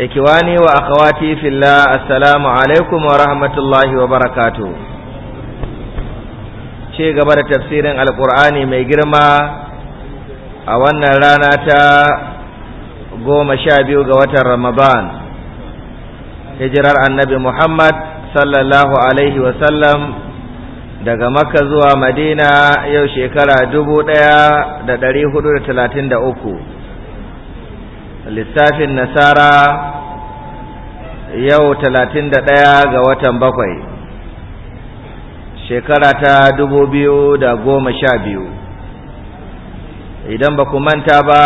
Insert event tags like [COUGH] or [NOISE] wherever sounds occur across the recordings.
ikiwani wa akhawati fillah assalamu alaikum wa rahmatullahi wa barakatuh ce gaba da tafsirin alkur'ani mai girma a wannan rana ta goma sha biyu ga watan ramadan hijirar annabi muhammad sallallahu alaihi wasallam daga makka zuwa madina yau shekara dubu ɗaya da ɗari hudu da talatin da uku littafin nasara yau talatin da ɗaya ga watan bakwai shekara ta dubu biyu da goma sha biyu idan ba ku manta ba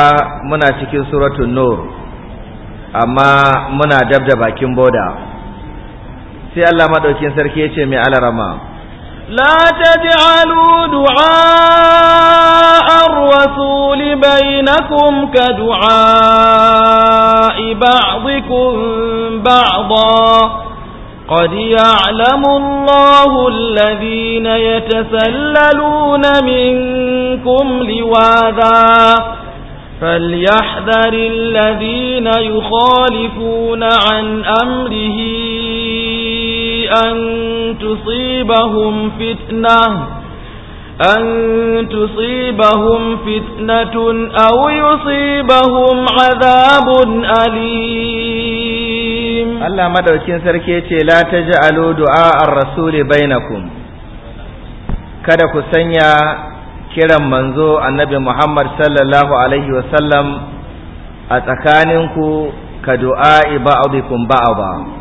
muna cikin suratun nur amma muna dab da bakin boda sai Allah maɗaukin sarki ya ce mai alarama لا تجعلوا دعاء الرسول بينكم كدعاء بعضكم بعضا قد يعلم الله الذين يتسللون منكم لواذا فليحذر الذين يخالفون عن أمره أن تصيبهم فتنة أن تصيبهم فتنة أو يصيبهم عذاب أليم الله مدركين سركيتي لا تجعلوا دعاء الرسول بينكم kada ku sanya kiran manzo annabi Muhammad sallallahu alaihi wasallam a tsakaninku ka du'a ba'dikum ba'da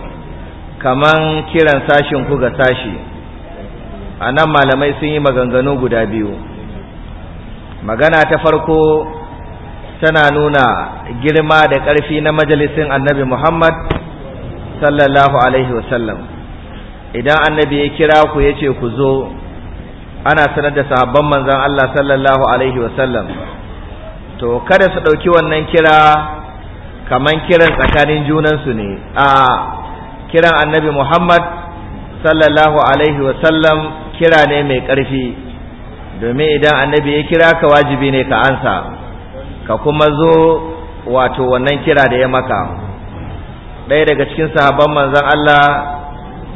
kaman kiran sashin ku ga sashi a nan malamai sun yi maganganu guda biyu magana ta farko tana nuna girma da ƙarfi na majalisin annabi muhammad sallallahu alaihi wasallam idan annabi ya kira ku ya ce ku zo ana sanar da sahabban manzan allah sallallahu alaihi wasallam to kada su ɗauki wannan kira kaman kiran tsakanin junansu ne a kiran annabi Muhammad sallallahu alaihi wasallam kira ne mai ƙarfi domin idan annabi ya kira ka wajibi ne ka ansa ka kuma zo wato wannan kira da ya maka ɗaya daga cikin sahabban manzon Allah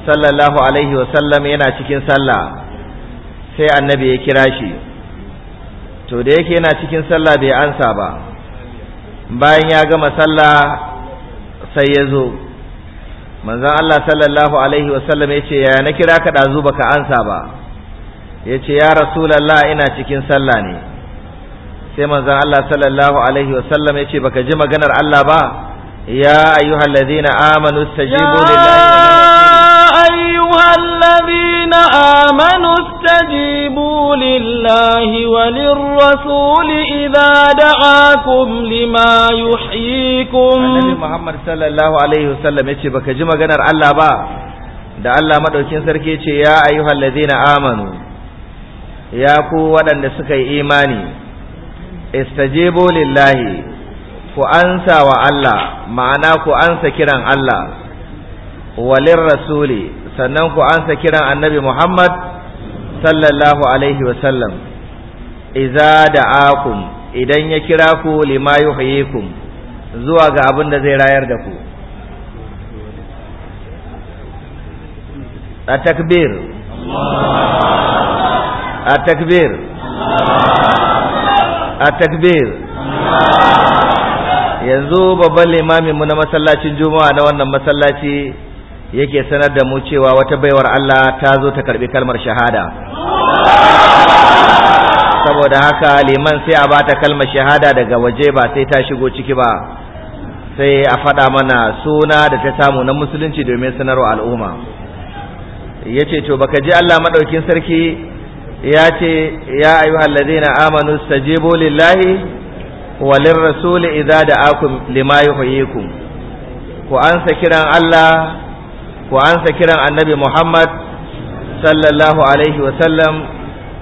sallallahu alaihi wasallam yana cikin sallah sai annabi ya kira shi to da yake yana cikin sallah bai ansa ba bayan ya gama sallah sai ya zo Manzan Allah sallallahu alaihi wasallam ce yaya na kira ka ɗazu ba ka ansa ba Ya ce ya rasulallah ina cikin sallah ne sai manzan Allah sallallahu alaihi wasallam yace baka ji maganar Allah ba يا أيها الذين آمنوا استجيبوا لله يا أيها الذين آمنوا استجيبوا لله وللرسول إذا دعاكم لما يحييكم النبي محمد صلى الله عليه وسلم يتشي بك جمع جنر الله با da الله madaukin sarki yace ya ayyuhal ladina amanu ya ku waɗanda suka استجيبوا لله ku ansa wa Allah ma'ana ku ansa kiran Allah walin rasuli sannan ku ansa kiran annabi Muhammad sallallahu alaihi wasallam iza da'akum idan ya kira ku lima yuhyikum zuwa ga abin da zai rayar da ku a takbir a takbir a takbir yanzu babban limamin mu na masallacin juma'a na wannan masallaci yake sanar da mu cewa wata baiwar Allah ta zo ta karbi kalmar shahada saboda haka liman sai a bata kalmar shahada daga waje ba sai ta shigo ciki ba sai a faɗa mana suna da ta samu na musulunci domin sanarwa al'umma ya ce to baka ji Allah maɗaukin sarki ya ce ya ayyuhallazina amanu sajibu lillahi walin rasuli idza da'akum lima yuhyikum ku ansa kiran Allah ku ansa kiran annabi Muhammad sallallahu alaihi wa sallam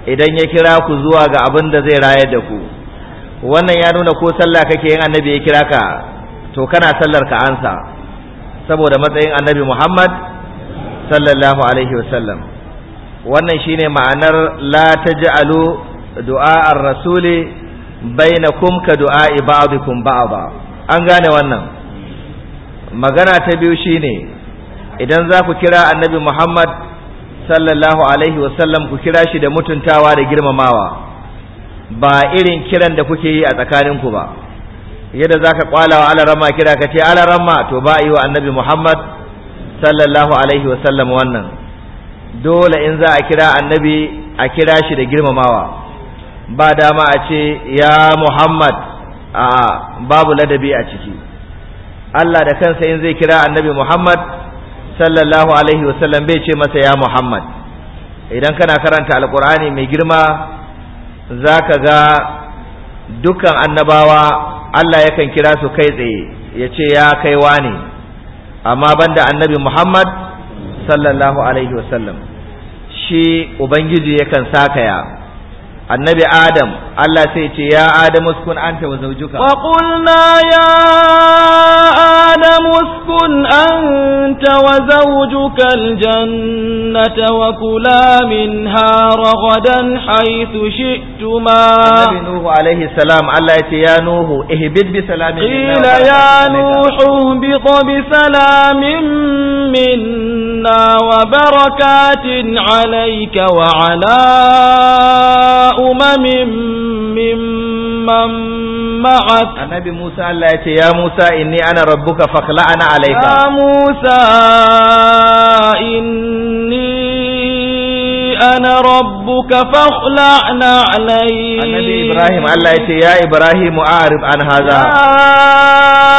idan ya kira ku zuwa ga abin da zai rayar da ku wannan ya nuna ko sallah kake yin annabi ya kira ka to kana sallar ka ansa saboda matsayin annabi Muhammad sallallahu alaihi wa sallam wannan shine ma'anar la taj'alu du'a ar-rasuli bainakum ka du'a ba'dikum ba'da an gane wannan magana ta biyu shine idan za ku kira annabi Muhammad sallallahu alaihi wasallam ku kira shi da mutuntawa da girmamawa ba irin kiran da kuke yi a tsakanin ku ba yadda zaka ka kwala wa alarama kira ka ce alarama to ba yi wa annabi Muhammad sallallahu alaihi wasallam wannan dole in za a kira annabi a kira shi da girmamawa ba dama a ce ya Muhammad a babu ladabi a ciki Allah da kansa in zai kira annabi Muhammad sallallahu alaihi wasallam bai ce masa ya Muhammad idan kana karanta alkur'ani mai girma za ka ga dukkan annabawa Allah yakan kira su kai tsaye ya ce ya kaiwa ne amma banda annabi Muhammad sallallahu alaihi wasallam shi Ubangiji yakan ya. annabi adam Allah sai ce ya Adamu uskun anta wa zawjuka wa qulna ya Adamu uskun anta wa zawjuka aljannata wa kula minha ragadan haythu shi'tuma Annabi Nuhu alayhi salam Allah ya ce ya Nuhu ihbid bi salamin qila ya Nuhu bi salamin minna wa barakatin alayka wa ala umamin ممن معك النبي موسى قال له يا موسى إني أنا ربك فاخلعنا عليك يا موسى إني أنا ربك فاخلع نعلي النبي إبراهيم الله يتي يا إبراهيم أعرض عن هذا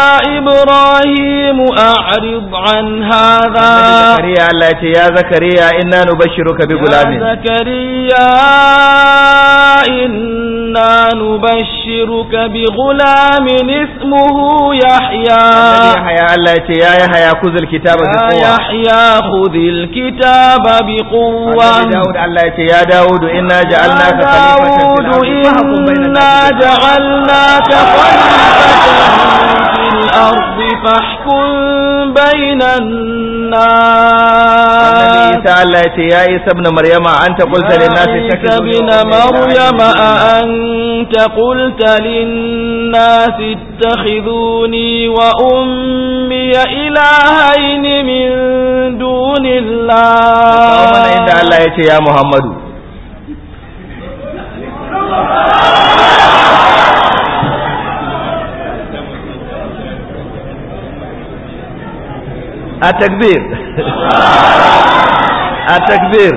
يا إبراهيم أعرض عن هذا زكريا الله يتي يا زكريا إنا نبشرك بغلام يا زكريا إنا نبشرك بغلام اسمه يحيى يحيى الله يتي يا يحيى خذ الكتاب بقوة يا يحيى خذ الكتاب بقوة Dawud Allah ce ya Dawud inna ja'alnaka khalifatan fil ardi inna ja'alnaka khalifatan fil بين الناس النبي تعالى يا عيسى ابن مريم أنت قلت للناس يا ابن مريم أنت قلت للناس اتخذوني وأمي إلهين من دون الله الله يا محمد a takbir a takbir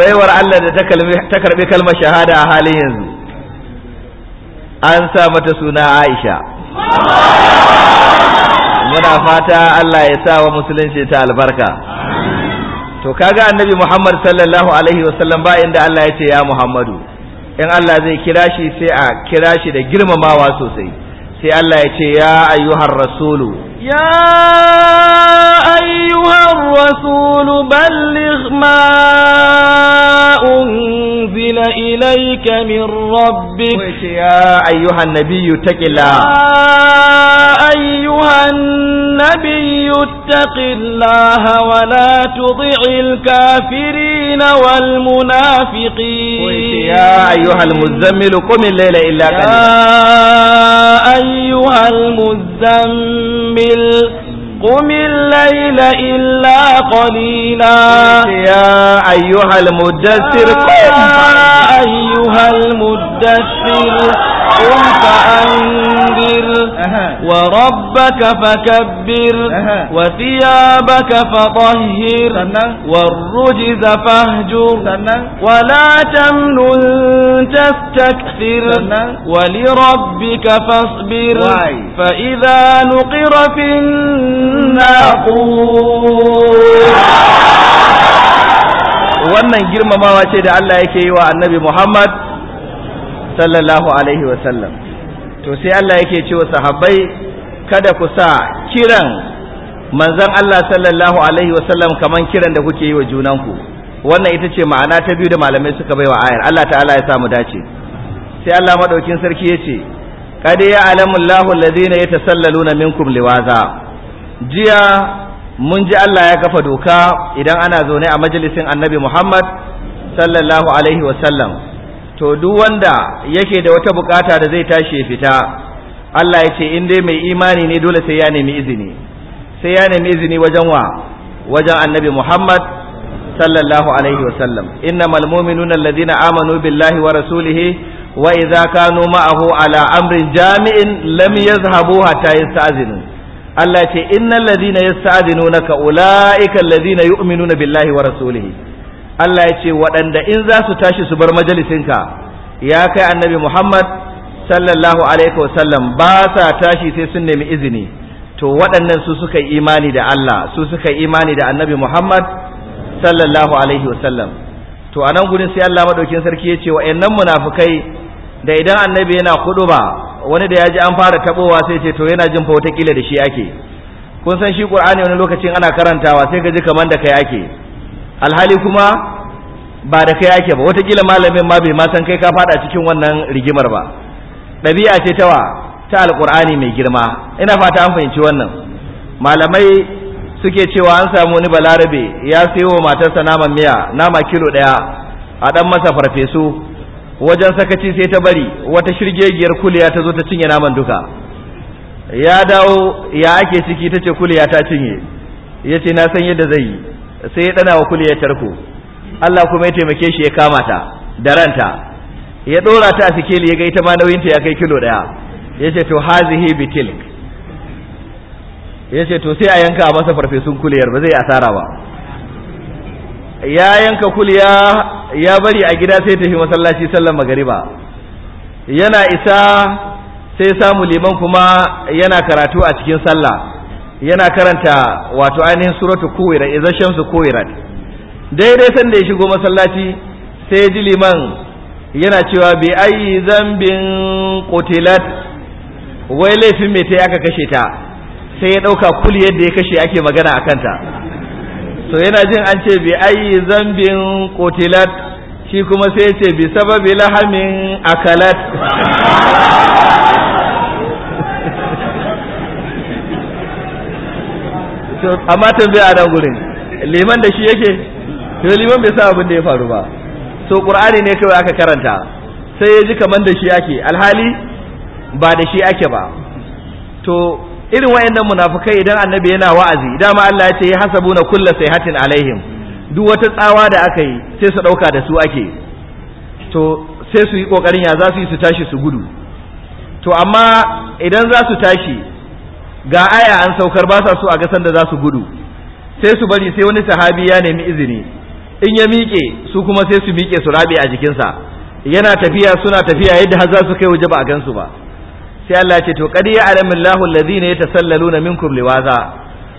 baiwar Allah da ta karbi kalmar shahada a halin yanzu an sa mata suna Aisha muna fata Allah ya sa wa musulunci ta albarka to kaga annabi Muhammad sallallahu alaihi wasallam ba inda Allah ya ce ya Muhammadu in Allah zai kira shi sai a kira shi da girmamawa sosai sai Allah ya ce ya ayyuhar rasulu يا أيها الرسول بلغ ما أنزل إليك من ربك يا أيها النبي اتق الله يا أيها النبي اتق الله ولا تطع الكافرين والمنافقين يا أيها المزمل قم الليل إلا قليلا أيها المزمل قم الليل إلا قليلا يا أيها المدثر قم يا أيها المدثر قم فأنذر وربك فكبر وثيابك فطهر والرجز فاهجر ولا تمنن تستكثر ولربك فاصبر فإذا نقر في الناقور wannan girmamawa ce da Allah yake yi wa annabi Muhammad sallallahu alaihi wasallam to sai Allah yake cewa sahabbai kada ku sa kiran manzon Allah sallallahu alaihi wasallam kaman kiran da kuke yi wa junanku wannan ita ce ma'ana ta biyu da malamai suka bai wa ayar Allah ta'ala ya samu dace sai Allah madaukin sarki ya ce kad alamu Allahu alladhina yatasallaluna minkum liwaza jiya mun ji Allah ya kafa doka idan ana zaune a majalisin Annabi Muhammad sallallahu alaihi wasallam to duk wanda yake da wata bukata da zai tashi ya fita Allah ya ce in dai mai imani ne dole sai ya nemi izini sai ya nemi izini wajen wa wajen annabi Muhammad sallallahu alaihi wa sallam innamal mu'minuna alladhina amanu billahi wa rasulihi wa idza kanu ma'ahu ala amrin jami'in lam yazhabu hatta yasta'zinu Allah ce innal ladhina yasta'zinunaka ulaika alladhina yu'minuna billahi wa rasulihi Allah ya ce waɗanda in za su tashi su bar majalisinka ya kai annabi Muhammad sallallahu alaihi wasallam ba sa tashi sai sun nemi izini to waɗannan su suka yi imani da Allah su suka yi imani da annabi Muhammad sallallahu alaihi wasallam to anan gurin sai Allah madaukin sarki ya ce wa'annan munafukai da idan annabi yana ba wani da ya ji an fara tabowa sai ce to yana jin fa wata kila da shi ake kun san shi qur'ani wani lokacin ana karantawa sai ka ji kaman da kai ake alhali kuma ba da kai ake ba wata watakila malamin ma bai ma san kai ka fada cikin wannan rigimar ba ɗabi'a ce tawa ta alkur'ani mai girma ina fata an fahimci wannan malamai suke cewa an samu wani balarabe ya sayo wa matarsa naman miya nama kilo ɗaya a ɗan masa farfesu wajen sakaci sai ta bari wata shirgegiyar kuliya ta zo ta cinye naman duka ya dawo ya ake ciki ta ce kuliya ta cinye ya ce na san yadda zai yi sai ya dana wa kuliyar tarko Allah kuma ya taimake shi ya kama ta da ranta ya dora ta a sikeli ya ga ita ma ta ya kai kilo daya ya to hazihi bi ya ce to sai a yanka masa farfesun kuliyar ba zai asara ba ya yanka kuliya ya bari a gida sai tafi masallaci sallan magariba yana isa sai samu liman kuma yana karatu a cikin sallah yana karanta wato ainihin suratu kuwira idan shamsu kuwira daidai san da ya shigo masallaci sai ji liman yana cewa bi ayi zambin qutilat wai laifin me tayi aka kashe ta sai ya dauka kul yadda ya kashe ake magana a kanta So yana jin an ce bi ayi zambin qutilat shi kuma sai ya ce bi sababi lahamin akalat amma tambaya a nan gurin liman da shi yake to liman bai san abin da ya faru ba so qur'ani ne kawai aka karanta sai ya ji kaman da shi ake alhali ba da shi ake ba to irin wayannan munafukai idan annabi yana wa'azi dama Allah ya ce hasabuna kullu sayhatin alaihim duk wata tsawa da aka yi sai su dauka da su ake to sai su yi kokarin ya za su yi su tashi su gudu to amma idan za su tashi ga aya an saukar ba sa so a ga da za su gudu sai su bari sai wani sahabi ya nemi izini in ya miƙe su kuma sai su miƙe su rabe a jikinsa yana tafiya suna tafiya yadda har za su kai waje ba a gansu ba sai Allah ce to qad ya'lamu Allahu alladhina yatasallaluna minkum liwaza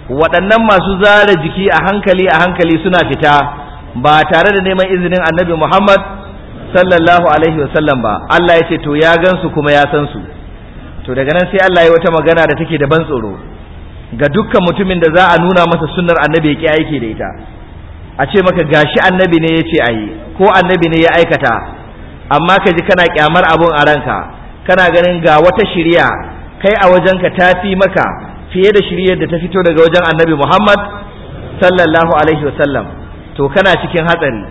waɗannan masu zara jiki a hankali a hankali suna fita ba tare da neman izinin Annabi Muhammad sallallahu alaihi wasallam ba Allah ya ce to ya gansu kuma ya san su to daga nan sai Allah ya wata magana da take da ban tsoro ga dukkan mutumin da za a nuna masa sunnar annabi ya ki aiki da ita a ce maka gashi annabi ne ya ce a yi ko annabi ne ya aikata amma ka ji kana kyamar abun a ranka kana ganin ga wata shirya kai a wajenka ta fi maka fiye da shiryar da ta fito daga wajen annabi Muhammad sallallahu alaihi wasallam to kana cikin hatsari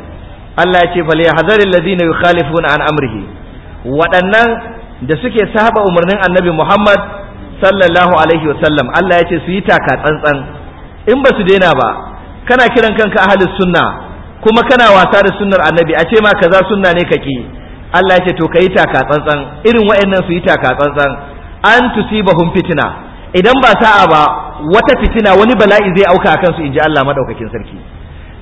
Allah ya ce fal yahzaril ladina yukhalifuna an amrihi waɗannan da suke saba umarnin annabi Muhammad sallallahu alaihi wasallam Allah ya ce su yi taka tsantsan in ba su daina ba kana kiran kanka ahli sunna kuma kana wasa da sunnar annabi a ce ma kaza sunna ne kake Allah ya ce to ka yi taka tsantsan irin wayannan su yi taka tsantsan an tusibahum fitina idan ba sa'a ba wata fitina wani bala'i zai auka akan su inji Allah madaukakin sarki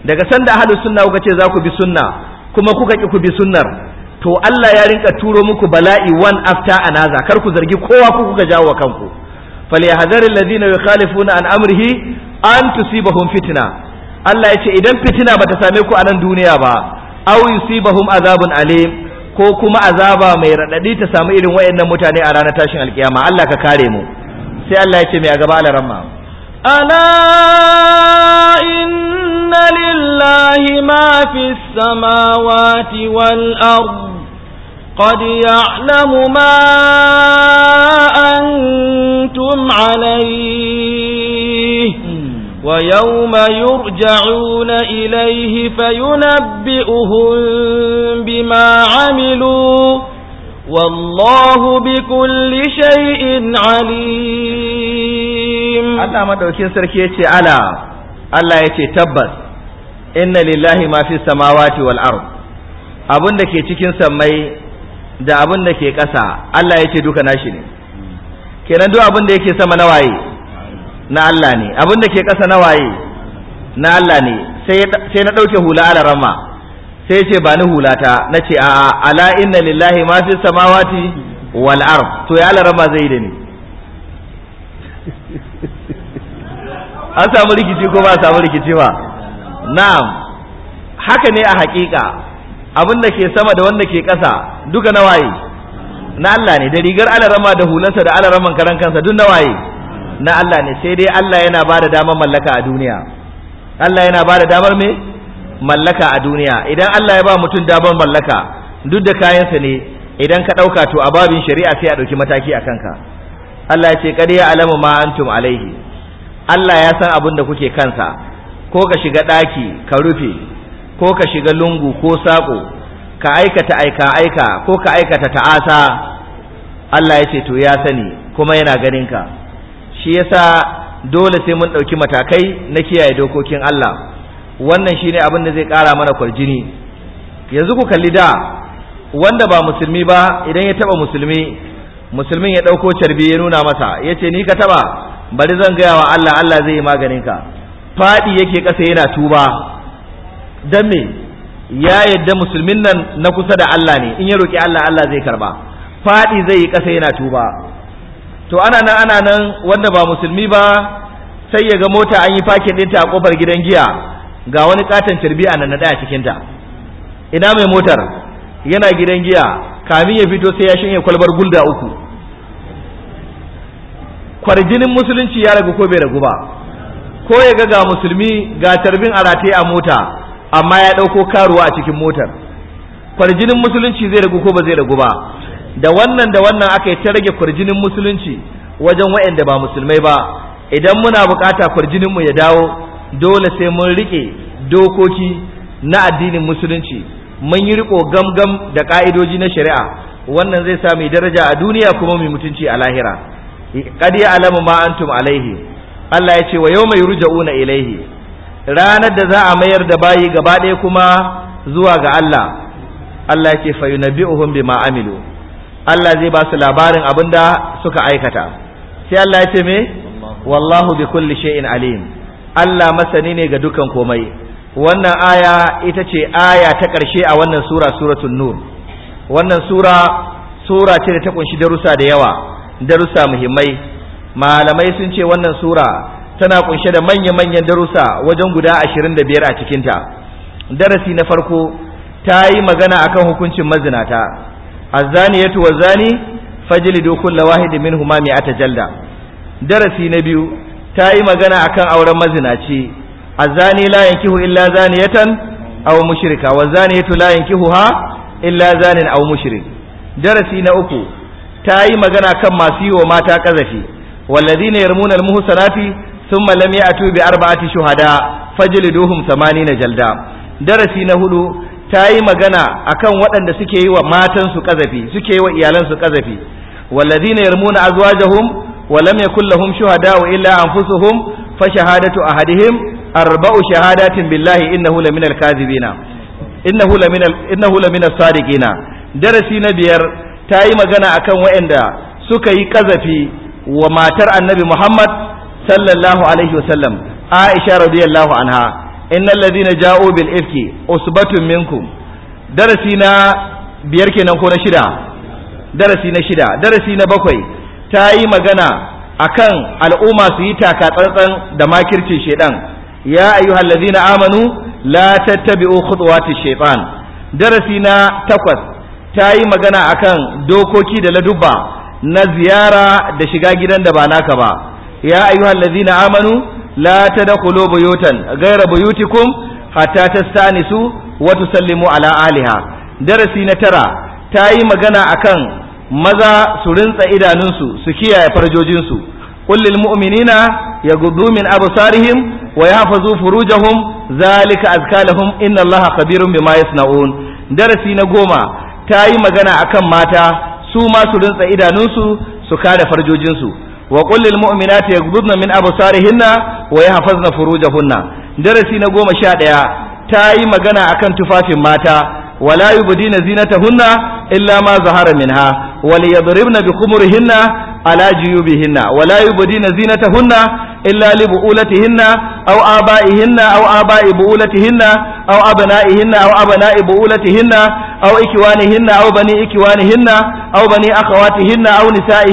daga sanda ahli sunna kuka ce za ku bi sunna kuma kuka ki ku bi sunnar to Allah ya rinka turo muku bala'i one after another kar ku zargi kowa ku kuka jawo kanku falyahzaril ladina yukhalifuna an amrihi an tusibahum fitna Allah ya ce idan fitina bata same ku a nan duniya ba aw yusibahum azabun alim ko kuma azaba mai radadi ta samu irin wayannan mutane a ranar tashin alkiyama Allah ka kare mu sai Allah ya ce mai a gaba alaramma ala in إن لله ما في السماوات والأرض قد يعلم ما أنتم عليه ويوم يرجعون إليه فينبئهم بما عملوا والله بكل شيء عليم أنا ما دوكين سركيتي على Allah ya ce tabbas inna lillahi ma fi samawati wal ard abin da ke cikin sammai da abin da ke ƙasa Allah ya ce duka nashi ne kenan duk abin da yake sama na waye na Allah ne abin da ke ƙasa na waye na Allah ne sai na ɗauke hula ala rama sai ce ba ni hulata na ce a ala inna lillahi ma fi samawati wal ard to ya ala rama zai da ni an samu rikici ko ba a samu rikici ba na'am haka ne a haƙiƙa abin da ke sama da wanda ke ƙasa duka na waye? na Allah ne da rigar alarama da hulansa da alaraman karan kansa duk waye? na Allah ne sai dai Allah yana ba da damar mallaka a duniya Allah yana ba da damar me mallaka a duniya idan Allah ya ba mutum damar mallaka duk da kayansa ne idan ka ɗauka to a babin shari'a sai a ɗauki mataki a kanka Allah ya ce karya ya alamu ma antum alaihi Allah ya san abin da kuke kansa ko ka shiga ɗaki ka rufe ko ka shiga lungu ko saƙo ka aikata aika aika ko ka aikata ta'asa Allah ya ce to ya sani kuma yana ganin ka shi yasa dole sai mun ɗauki matakai na kiyaye dokokin Allah wannan shine abin da zai ƙara mana kwarjini yanzu ku kalli da wanda ba musulmi ba idan ya taɓa musulmi musulmin ya ɗauko carbi ya nuna masa ya ce ni ka taɓa bari zan gaya wa Allah Allah zai yi maganin ka faɗi yake ƙasa yana tuba don me ya yadda musulmin nan na kusa da Allah ne in ya roƙi Allah Allah zai karba faɗi zai yi ƙasa yana tuba to ana nan ana nan wanda ba musulmi ba sai ya ga mota an yi fakin ɗinta a kofar gidan giya ga wani katon tarbiya nan na ɗaya cikinta ina mai motar yana gidan giya kamin ya fito sai ya shanye kwalbar gulda uku kwarjinin musulunci ya ragu ko bai ragu ba ko ya ga ga musulmi ga tarbin a a mota amma ya ɗauko karuwa a cikin motar kwarjinin musulunci zai ragu ko ba zai ragu ba da wannan da wannan aka yi ta rage kwarjinin musulunci wajen waɗanda ba musulmai ba idan muna bukata mu ya dawo dole sai mun riƙe dokoki na addinin musulunci mun yi riko gamgam da ƙa'idoji na shari'a wannan zai sa mai daraja a duniya kuma mai mutunci a lahira qad alamu ma antum alaihi Allah ya ce wa ruja'u na ilaihi ranar da za a mayar da bayi gaba ɗaya kuma zuwa ga Allah Allah ya ce fa bima amilu Allah zai ba su labarin abinda suka aikata sai Allah ya ce me wallahu bi kulli shay'in alim Allah masani ne ga dukan komai wannan aya ita ce aya ta ƙarshe a wannan sura suratul nur wannan sura sura ce da ta kunshi darussa da yawa darussa muhimmai malamai sun ce wannan sura tana kunshe da manya-manyan darussa wajen guda ashirin da biyar a cikinta darasi na farko ta yi magana akan hukuncin mazinata azzani ya tuwa zani fajili dokun lawahidi min huma mai jalda darasi na biyu ta yi magana akan auren mazinaci azzani la yankihu illa zaniyatan aw mushrika wazani yatu la yankihuha illa zanin aw mushrik darasi na uku ta yi magana kan masu yi wa mata ƙazafi wallazina yarmuna almuhsanati Sun lam a bi arba'ati shuhada samani na jalda darasi na hudu ta yi magana akan waɗanda suke yi wa matansu ƙazafi suke yi wa iyalansu ƙazafi wallazina yarmuna azwajahum wa lam yakul lahum shuhada illa anfusuhum fa shahadatu ahadihim arba'u shahadatin billahi innahu laminal kadhibina innahu laminal innahu laminal sadiqina darasi na biyar ta yi magana akan waɗanda suka yi kazafi wa matar annabi Muhammad sallallahu alaihi wasallam Aisha radiyallahu anha innal ladina ja'u bil ifki usbatun minkum darasi na biyar kenan ko na shida darasi na shida darasi na bakwai ta yi magana akan al'umma su yi taka tsantsan da makircin shedan ya ayyuhal ladina amanu la tattabi'u khutuwati darasi na takwas ta yi magana akan dokoki da laduba na ziyara da shiga gidan da ba naka ba ya ayyuhal na amanu la tadkhulu buyutan ghayra buyutikum hatta tastanisu wa tusallimu ala aliha darasi na tara ta yi magana akan maza su rintsa idanunsu su kiyaye farjojinsu qul lil mu'minina yaghuddu min absarihim wa yahfazu furujahum zalika azkalahum inna allaha khabirun bima yasnaun darasi na goma ta yi magana akan mata su ma su rinsa idanunsu su kare farjojinsu wa kullil mu'minati yaghudna min absarihinna wa yahfazna furujahunna darasi na goma sha ɗaya ta yi magana akan tufafin mata wala yubdina zinatahunna illa ma zahara minha wal yadribna bi khumurihinna ala jiyubihinna wa la yubdina zinatahunna hinna. Au bu'ulatihinna aw aba'ihinna aw aba'i bu'ulatihinna aw abna'ihinna aw abna'i bu'ulatihinna aw ikwanihinna Au bani ikwanihinna aw bani akhawatihinna aw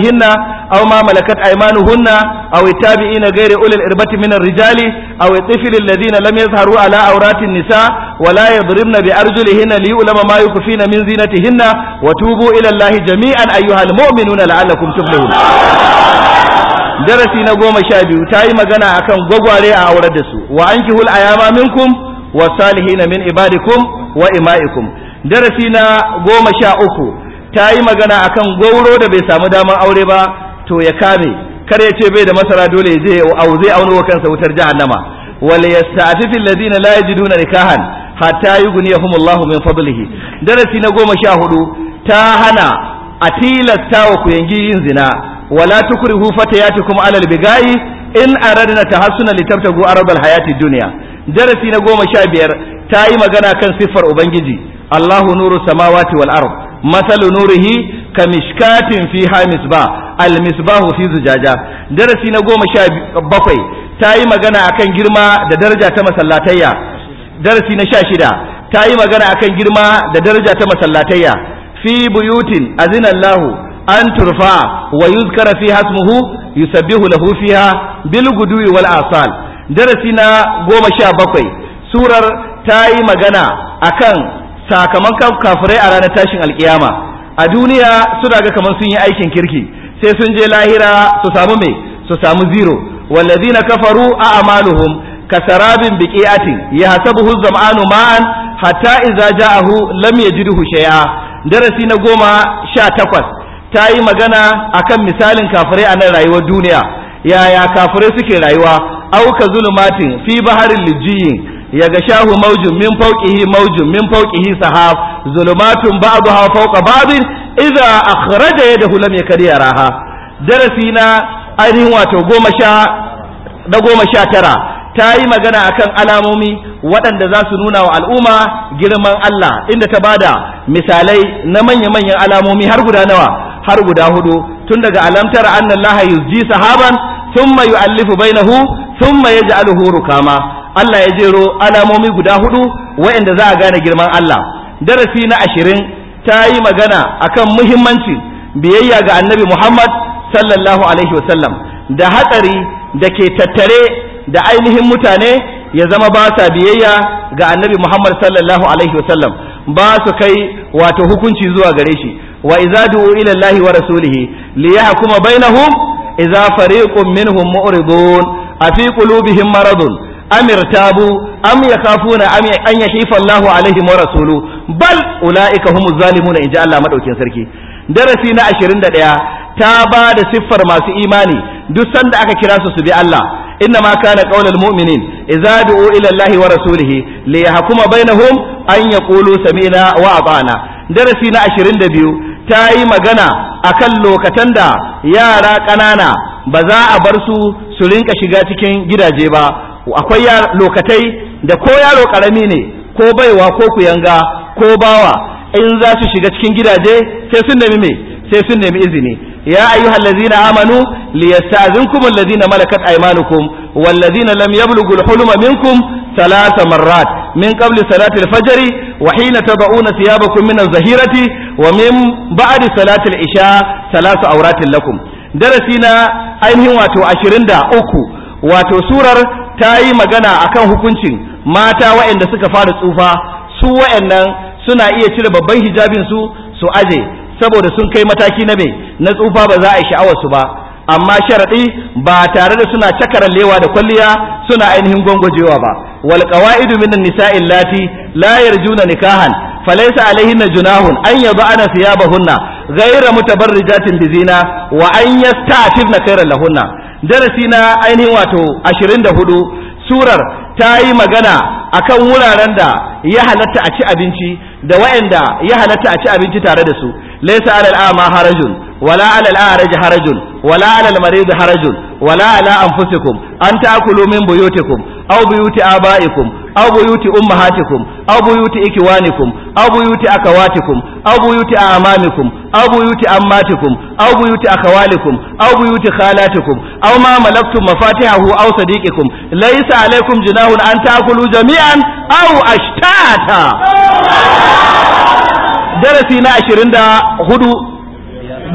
hinna. aw ma hunna, aymanuhunna aw tabi'ina ghairi ulil irbati min ar-rijali aw at-tifli alladhina lam yazharu ala awrati an-nisa wa la yadribna bi arjulihinna liyulama ma yukfina min zinatihinna wa tubu ila allahi jami'an ayyuhal mu'minuna la'allakum tuflihun darasi na goma sha biyu ta yi magana akan gwagware a aurar da su wa ankihul ayama ku wa na min ibadikum wa ima'ikum darasi na goma sha uku ta yi magana akan gauro da bai samu damar aure ba to ya kame kar ya ce bai da masara dole ya je a zai auno wa kansa wutar jahannama wal yasta'fifu alladhina la yajiduna nikahan hatta yughniyahumullahu min fadlihi darasi na goma sha hudu ta hana a tilasta wa ku yangi yin zina wala tukrihu fatayatikum alal bigayi in aradna tahassuna litabtagu arabal hayati dunya darasi na goma sha biyar ta yi magana kan siffar ubangiji Allahu nuru samawati wal ard masalu nurihi ka mishkatin fi misba al misbahu fi zujaja darasi na goma sha bakwai ta yi magana akan girma da daraja ta masallatayya darasi na sha shida ta yi magana akan girma da daraja ta masallatayya fi buyutin azinallahu an turfa wa yuzkara fi hasmuhu yusabbihu lahu fiha bil gudui wal asal darasi na goma sha bakwai surar ta yi magana akan sakamakon kafirai a ranar tashin alkiyama a duniya suna ga kamar sun yi aikin kirki sai sun je lahira su samu me su samu zero wallazina kafaru a amaluhum kasarabin ya hasabuhu zam'anu ma'an hatta idza ja'ahu lam yajidhu shay'a darasi na goma sha takwas ta yi magana akan misalin kafirai a nan rayuwar duniya yaya kafirai suke rayuwa auka zulumatin fi baharin lijiyin yaga shahu maujun min fawqihi maujun min fawqihi sahab zulumatun ba'daha fawqa ba'din idza akhraja yadahu lam yakad darasi na ainihin wato goma sha da goma sha tara ta yi magana akan alamomi waɗanda za su nuna wa al'umma girman Allah inda ta bada misalai na manya-manyan alamomi har guda nawa har guda hudu tun daga alamtar annallaha yuzji sahaban thumma yu'allifu bainahu thumma yaj'aluhu rukama Allah ya jero alamomi guda hudu waɗanda za a gane girman Allah darasi na ashirin ta yi magana akan muhimmanci biyayya ga annabi Muhammad sallallahu alaihi wasallam da hatsari da ke tattare da ainihin mutane ya zama ba sa biyayya ga annabi Muhammad sallallahu alaihi wasallam ba su kai wato hukunci zuwa gare shi wa iza du'u ila Allahi wa rasulihi li yahkuma bainahum idza fariqun minhum mu'ridun afi qulubihim maradun amir tabu am ya kafuna na am an ya Allahu alaihi wa rasulu bal ula'ika humu zalimuna inji Allah madaukin sarki darasi na 21 ta ba da siffar masu imani duk sanda aka kira su su bi Allah inna ma kana qaulul mu'minin idza du'u ila Allahi wa rasulihi li yahkuma bainahum an yaqulu sami'na wa ata'na darasi na 22 ta yi magana akan lokacin da yara kanana ba za a bar su su rinka shiga cikin gidaje ba akwai lokatai da ko yaro karami ne ko baiwa ko ku yanga ko bawa in za su shiga cikin gidaje sai sun nemi me sai sun nemi izini ya ayyuhal ladzina amanu liyastazinkum alladhina malakat aymanukum walladhina lam yablughul huluma minkum salasa marrat min qabli salati alfajr wa hina tad'una thiyabakum min az-zahirati wa min ba'di salati isha salasa awratin darasi na ainihin wato ashirin da uku wato surar ta yi magana akan hukuncin mata waɗanda suka fara tsufa su waɗannan suna iya cire babban hijabin su su aje saboda sun kai mataki na mai na tsufa ba za a yi sha'awar su ba amma sharaɗi ba tare da suna cakarallewa da kwalliya suna ainihin gwangwajewa ba wal qawaidu minan nisa'i lati la yarjuna nikahan falaysa alaihinna junahun an yad'ana thiyabahunna ghayra mutabarrijatin bizina wa an yastatifna khayran lahunna darasi na ainihin wato ashirin da hudu surar ta yi magana a kan wuraren da ya halatta a ci abinci da wayanda ya halatta a ci abinci tare da su Laisa alal'ama a'ma harajun wala alal a'raj harajun wala alal marid harajun wala ala anfusikum an ta'kulu min buyutikum Au buyuti abaikum Au buyuti ummahatikum aw buyuti ikwanikum aw buyuti a akawatikum aw buyuti a amamikum Au buyuti ammatikum Au buyuti akhawalikum aw buyuti khalatikum aw ma malaktum mafatihahu aw sadiqikum laysa alaykum junahun an ta'kulu jami'an aw ashtata darasi na ashirin da hudu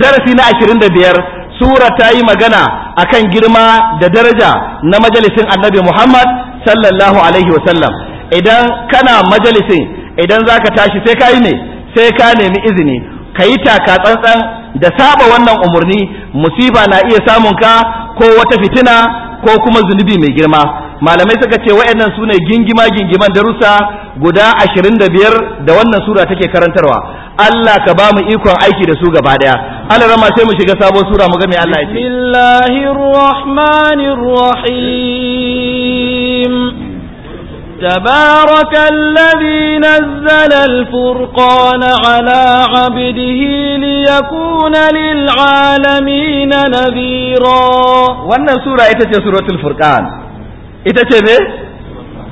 darasi na ashirin da biyar sura ta yi magana a kan girma da daraja na majalisin annabi muhammad sallallahu alaihi wasallam idan kana majalisin idan za ka tashi sai ka yi ne sai ka nemi izini ka yi taka tsantsan da saba wannan umarni musiba na iya samunka ko wata fitina ko kuma zunubi mai girma malamai suka ce waɗannan suna gingima gingiman darussa guda ashirin da biyar da wannan sura take karantarwa Allah ka ba mu ikon aiki da su gaba ɗaya Allah rama sai mu shiga sabon sura mu ga me Allah ya ce Bismillahir Rahmanir Rahim تبارك الذي نزل الفرقان على عبده ليكون للعالمين نذيرا وانا سورة سورة الفرقان ita ce ne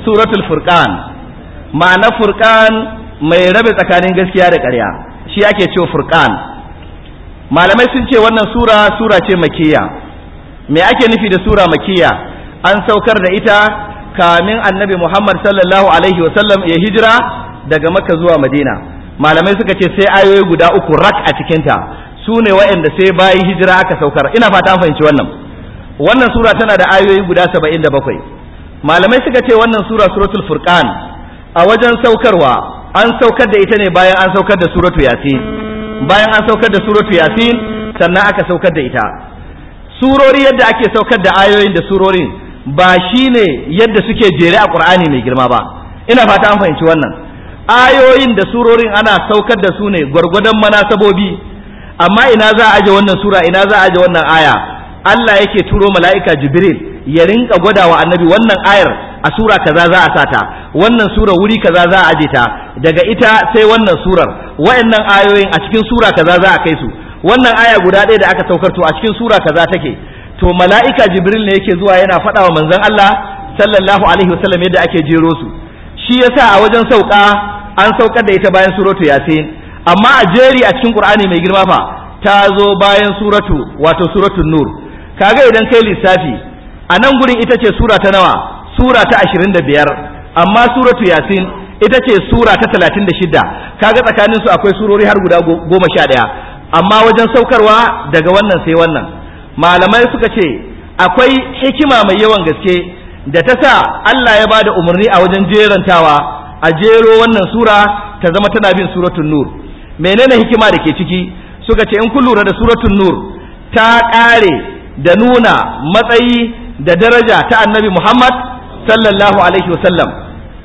suratul furqan ma'ana furqan mai rabe tsakanin gaskiya da ƙarya shi ake cewa furqan malamai sun ce wannan sura sura ce makiyya. me ake nufi da sura makiyya? an saukar da ita kamin annabi muhammad sallallahu alaihi wasallam ya hijira daga makka zuwa madina malamai suka ce sai ayoyi guda uku rak a cikinta su ne wa'anda sai bayan hijira aka saukar ina fata an fahimci wannan wannan sura tana da ayoyi guda saba'in da bakwai malamai suka ce wannan sura suratul furqan a wajen saukarwa an saukar da ita ne bayan an saukar da suratu yasin bayan an saukar da suratu yasin sannan aka saukar da ita surori yadda ake saukar da ayoyin da surorin ba shine yadda suke jere a qur'ani mai girma ba ina fata an fahimci wannan ayoyin da surorin ana saukar da su ne gwargwadon manasabobi amma ina za a aje wannan sura ina za a aje wannan aya Allah yake turo mala'ika Jibril ya rinka gwada wa annabi wannan ayar a sura kaza za a sata wannan sura wuri kaza za a aje daga ita sai wannan surar wayannan ayoyin a cikin sura kaza za a kai su wannan aya guda ɗaya da aka saukar to a cikin sura kaza take to mala'ika jibril ne yake zuwa yana faɗa wa manzon Allah sallallahu alaihi wasallam yadda ake jero su shi yasa a wajen sauka an saukar da ita bayan suratu yasin amma a jeri a cikin qur'ani mai girma fa ta zo bayan suratu wato suratul nur kaga idan kai lissafi a nan gurin ita ce sura ta nawa sura ta ashirin da biyar amma suratu yasin ita ce sura ta talatin da ka kaga tsakanin su akwai surori har guda goma sha ɗaya amma wajen saukarwa daga wannan sai wannan malamai suka ce akwai hikima mai yawan gaske da ta sa Allah ya ba da umarni a wajen jerantawa a jero wannan sura ta zama tana bin suratun nur menene hikima da ke ciki suka ce in kun lura da suratun nur ta ƙare da nuna matsayi da daraja ta annabi Muhammad sallallahu alaihi wasallam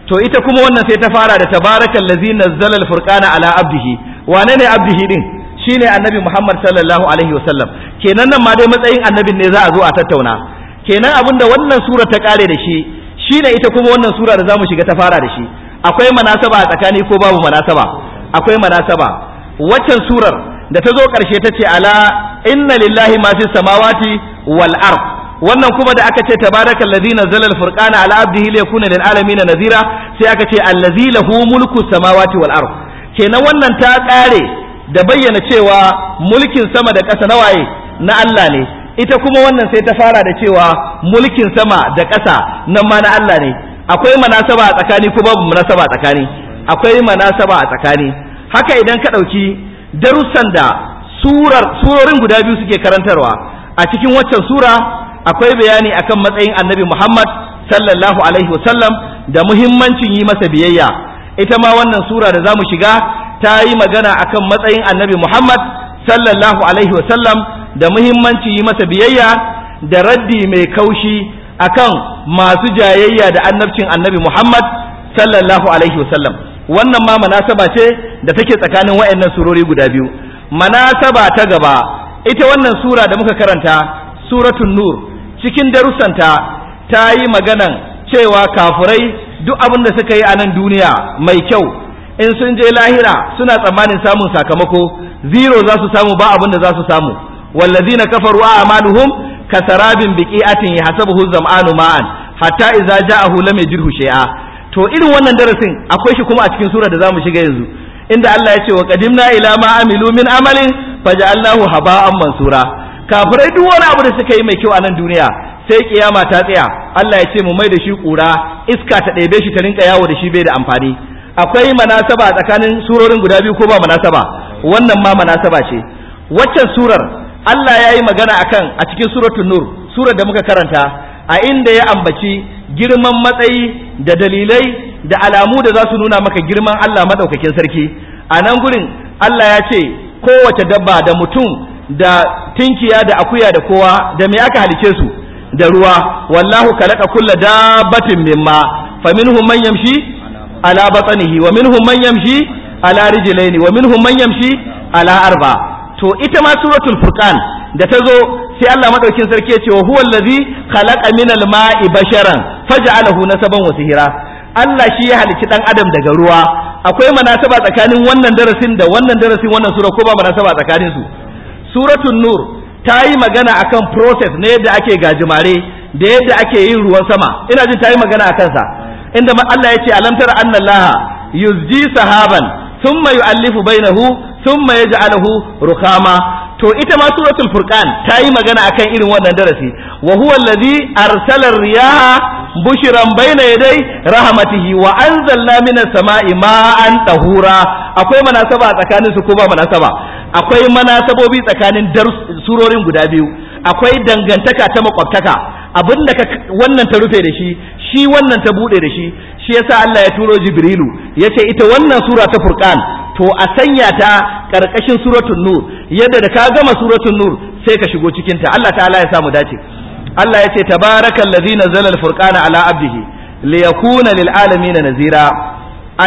to ita kuma wannan sai ta fara da tabarakal ladzi nazzala al-furqana ala abdihi wane ne abdihi din shine annabi Muhammad sallallahu alaihi wasallam kenan nan ma dai matsayin annabin ne za a zo a tattauna kenan abinda wannan sura ta kare da shi shine ita kuma wannan sura da zamu shiga ta fara da shi akwai manasaba a tsakani ko babu manasaba akwai manasaba waccan surar da ta zo ƙarshe ta ce ala inna lillahi ma fi samawati wal ard wannan kuma da aka ce tabarakal ladzi nazzala al-furqana ala abdihi liyakuna lil alamin nazira sai aka ce allazi lahu mulku samawati wal ard kenan wannan ta kare da bayyana cewa mulkin sama da ƙasa na waye na Allah ne ita kuma wannan sai ta fara da cewa mulkin sama da ƙasa nan ma na Allah ne akwai manasaba a tsakani ko babu manasaba a tsakani akwai manasaba a tsakani haka idan ka ɗauki darussan da surar surorin guda biyu suke karantarwa a cikin waccan sura akwai bayani akan matsayin annabi Muhammad sallallahu alaihi wasallam da muhimmancin yi masa biyayya ita ma wannan sura da zamu shiga ta yi magana akan matsayin annabi Muhammad sallallahu alaihi wasallam da muhimmancin yi masa biyayya da raddi mai kaushi akan masu jayayya da annabcin annabi Muhammad sallallahu alaihi wasallam wannan ma manasaba ce da take tsakanin wa'annan surori guda biyu manasaba ta gaba ita wannan sura da muka karanta suratul nur cikin darussanta ta yi maganan cewa kafurai duk abin da suka yi a nan duniya mai kyau in sun je lahira suna tsammanin samun sakamako zero za su samu ba abin da za su samu wallazina kafaru a'maluhum kasarabin biqi'atin yahsabuhu zam'anu ma'an hatta idza ja'ahu lam yajidhu shay'a to irin wannan darasin akwai shi kuma a cikin sura da zamu shiga yanzu inda Allah ya ce wa qadimna ila ma amilu min amalin faj'alnahu haba'an mansura kafirai duk wani abu da suka yi mai kyau a nan duniya sai kiyama ta tsaya Allah ya ce mu mai da shi kura iska ta ɗebe shi ta rinka yawo da shi bai da amfani akwai manasaba tsakanin surorin guda biyu ko ba manasaba wannan ma manasaba ce waccan surar Allah ya yi magana akan a cikin suratul nur surar da muka karanta a inda ya ambaci girman matsayi da dalilai da alamu da za su nuna maka girman Allah madaukakin sarki a nan gurin Allah ya ce kowace dabba da mutum da tinkiya da akuya da kowa da me aka halice su da ruwa wallahu khalaqa kulla dabbatin mimma faminhum man yamshi ala batnihi wa minhum man yamshi ala rijlaini wa minhum man yamshi ala arba to ita ma suratul furqan da ta zo sai Allah madaukin sarki ya ce wa huwa allazi khalaqa minal ma'i basharan faj'alahu nasaban wa sihira Allah shi ya halici dan adam daga ruwa akwai munasaba tsakanin wannan darasin da wannan darasin wannan sura ko ba munasaba tsakanin su suratul nur ta yi magana akan process na yadda ake gajimare da yadda ake yin ruwan sama ina jin ta yi magana a kansa. inda Allah ya ce alamtar tara yuzji sahaban thumma yu'allifu bainahu thumma yaj'aluhu rukama to ita ma suratul furqan ta yi magana akan irin wannan darasi wa huwa allazi arsala riyaha bushran baina yaday rahmatihi wa anzalna minas sama'i ma'an tahura akwai manasaba a tsakanin su ko ba manasaba akwai manasabobi tsakanin surorin guda biyu akwai dangantaka ta makwabtaka abinda ka wannan ta rufe da shi shi wannan ta bude da shi shi yasa Allah ya turo Jibrilu yace ita wannan sura ta Furqan to a sanya ta ƙarƙashin suratun nur yadda da ka gama suratun nur sai ka shigo cikin ta Allah ta'ala ya samu dace Allah ya ce tabarakallazi nazzala al-furqana ala abdihi liyakuna lil alamin nazira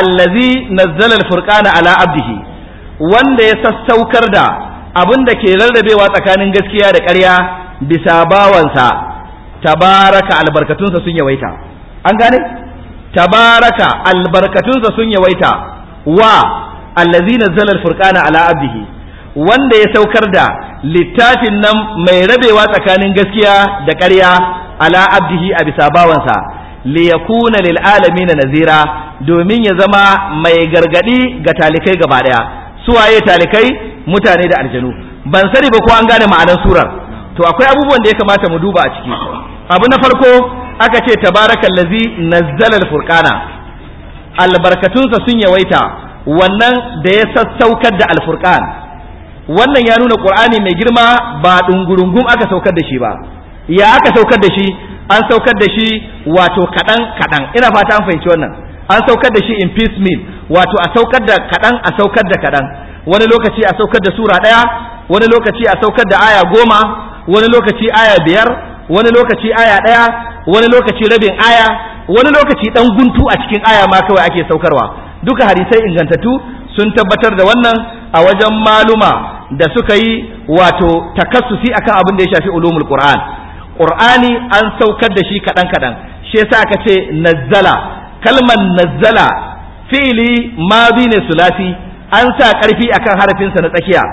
allazi nazzala al-furqana ala abdihi wanda ya sassaukar da abinda ke rarrabewa tsakanin gaskiya da ƙarya bisa bawansa tabaraka albarkatunsa sun yawaita an gane tabaraka albarkatunsa sun yawaita wa allazi nazzala al-furqana ala abdihi wanda ya saukar da littafin nan mai rabewa tsakanin gaskiya da ƙarya ala abdihi a bisa bawansa li yakuna lil alamin nazira domin ya zama mai gargadi ga talikai gaba daya waye talikai mutane da aljanu ban sani ba ko an gane ma'anar surar to akwai abubuwan da ya kamata mu duba a ciki abu na farko aka ce tabarakallazi nazzala al-furqana albarkatunsa sun yawaita wannan da ya sassaukar da Alfurkan, wannan ya nuna qur'ani mai girma ba dungurungum aka saukar da shi ba ya aka saukar da shi an saukar da shi wato kaɗan kaɗan ina fata an fahimci wannan an saukar da shi in peace meal wato a saukar da kaɗan a saukar da kaɗan wani lokaci a saukar da sura ɗaya wani lokaci a saukar da aya goma wani lokaci aya biyar wani lokaci aya ɗaya wani lokaci rabin aya wani lokaci ɗan guntu a cikin aya ma kawai ake saukarwa duka hadisai ingantattu sun tabbatar da wannan a wajen maluma da suka yi wato takassusi akan abin da ya shafi ulumul qur'an qur'ani an saukar da shi kadan kadan shi yasa aka ce nazzala kalmar nazzala fi'ili madi ne sulasi an sa karfi akan harafinsa na tsakiya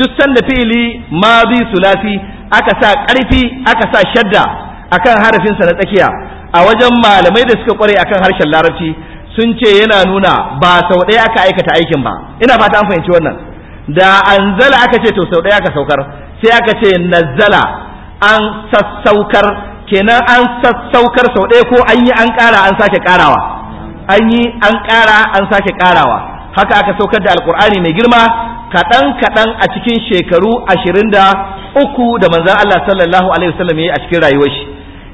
duk sanda fi'ili madi sulasi aka sa karfi aka sa shadda akan harafinsa na tsakiya a wajen malamai da suka kware akan harshen larabci sun ce yana nuna ba sau ɗaya aka aikata aikin ba ina fata an fahimci wannan da anzala aka ce to sau ɗaya aka saukar sai aka ce zala an sassaukar kenan an sassaukar sau ɗaya ko an yi an ƙara an sake ƙarawa an yi an ƙara an sake ƙarawa haka aka saukar da alƙur'ani mai girma kaɗan kaɗan a cikin shekaru ashirin da uku da manzan Allah sallallahu alaihi wasallam ya yi a cikin rayuwar shi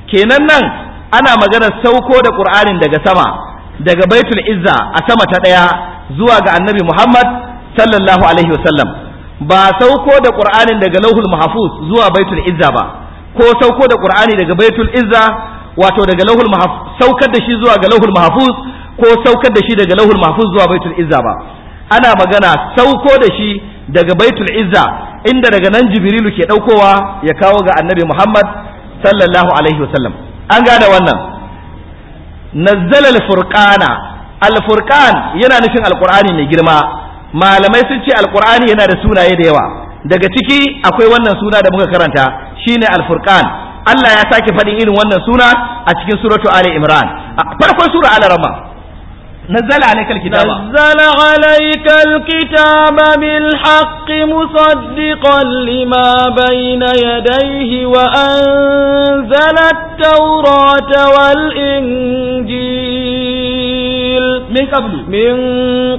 kenan nan ana magana sauko da ƙur'anin daga sama daga baitul izza a sama ta ɗaya zuwa ga annabi muhammad sallallahu alaihi wasallam ba sauko da qur'anin daga lauhul mahfuz zuwa baitul izza ba ko sauko da qur'ani daga baitul izza wato daga lauhul mahfuz saukar da shi zuwa ga lauhul mahfuz ko saukar da shi daga lauhul mahfuz zuwa baitul izza ba ana magana sauko da shi daga baitul izza inda daga nan jibrilu ke daukowa ya kawo ga annabi muhammad sallallahu alaihi wasallam an gane wannan nazzala al-furqana al-furqan yana nufin alqur'ani mai girma malamai sun ce alqur'ani yana da sunaye da yawa daga ciki akwai wannan suna da muka karanta shine al-furqan Allah ya sake faɗin irin wannan suna a cikin suratu Ali Imran farkon sura Al-Rahman نزل عليك الكتاب نزل عليك الكتاب بالحق مصدقا لما بين يديه وأنزل التوراة والإنجيل من قبل من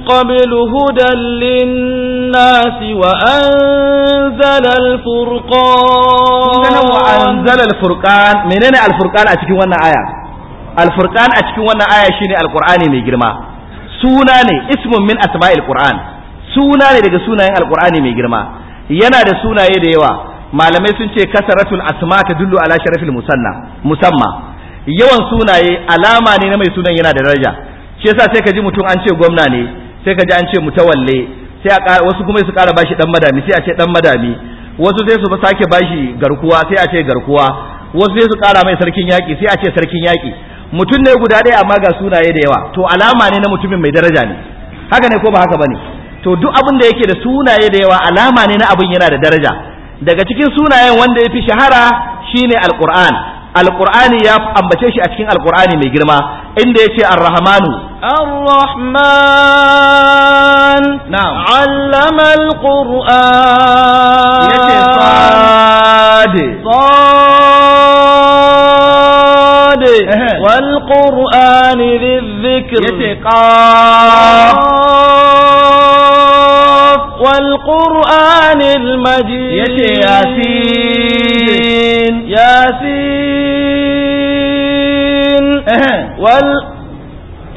قبل هدى للناس وأنزل الفرقان وأنزل الفرقان منين الفرقان أتكي وانا آيات alfurqan a cikin wannan aya shine alqur'ani mai girma suna ne ismun min asma'il qur'an suna ne daga sunayen alqur'ani mai girma yana da sunaye da yawa malamai sun ce kasaratul asma ta dullu ala sharafil musanna musamma yawan sunaye alama ne na mai sunan yana da daraja shi yasa sai ka ji mutum an ce gwamna ne sai ka ji an ce mutawalle sai a wasu kuma su kara bashi dan madami sai a ce dan madami wasu sai su sake bashi garkuwa sai a ce garkuwa wasu sai su kara mai sarkin yaki sai a ce sarkin yaki mutum ne guda ɗaya amma ga sunaye da yawa to alama ne na mutumin mai daraja ne haka ne ko ba haka bane to duk abin da yake da sunaye da yawa alama ne na abin yana da daraja daga cikin sunayen wanda ya fi shahara shine alquran alqur'ani ya ambace shi a cikin alqur'ani mai girma inda yace ce arrahman na'am allama alquran yace sad حمده والقرآن ذي الذكر قاف والقرآن المجيد ياسين ياسين وال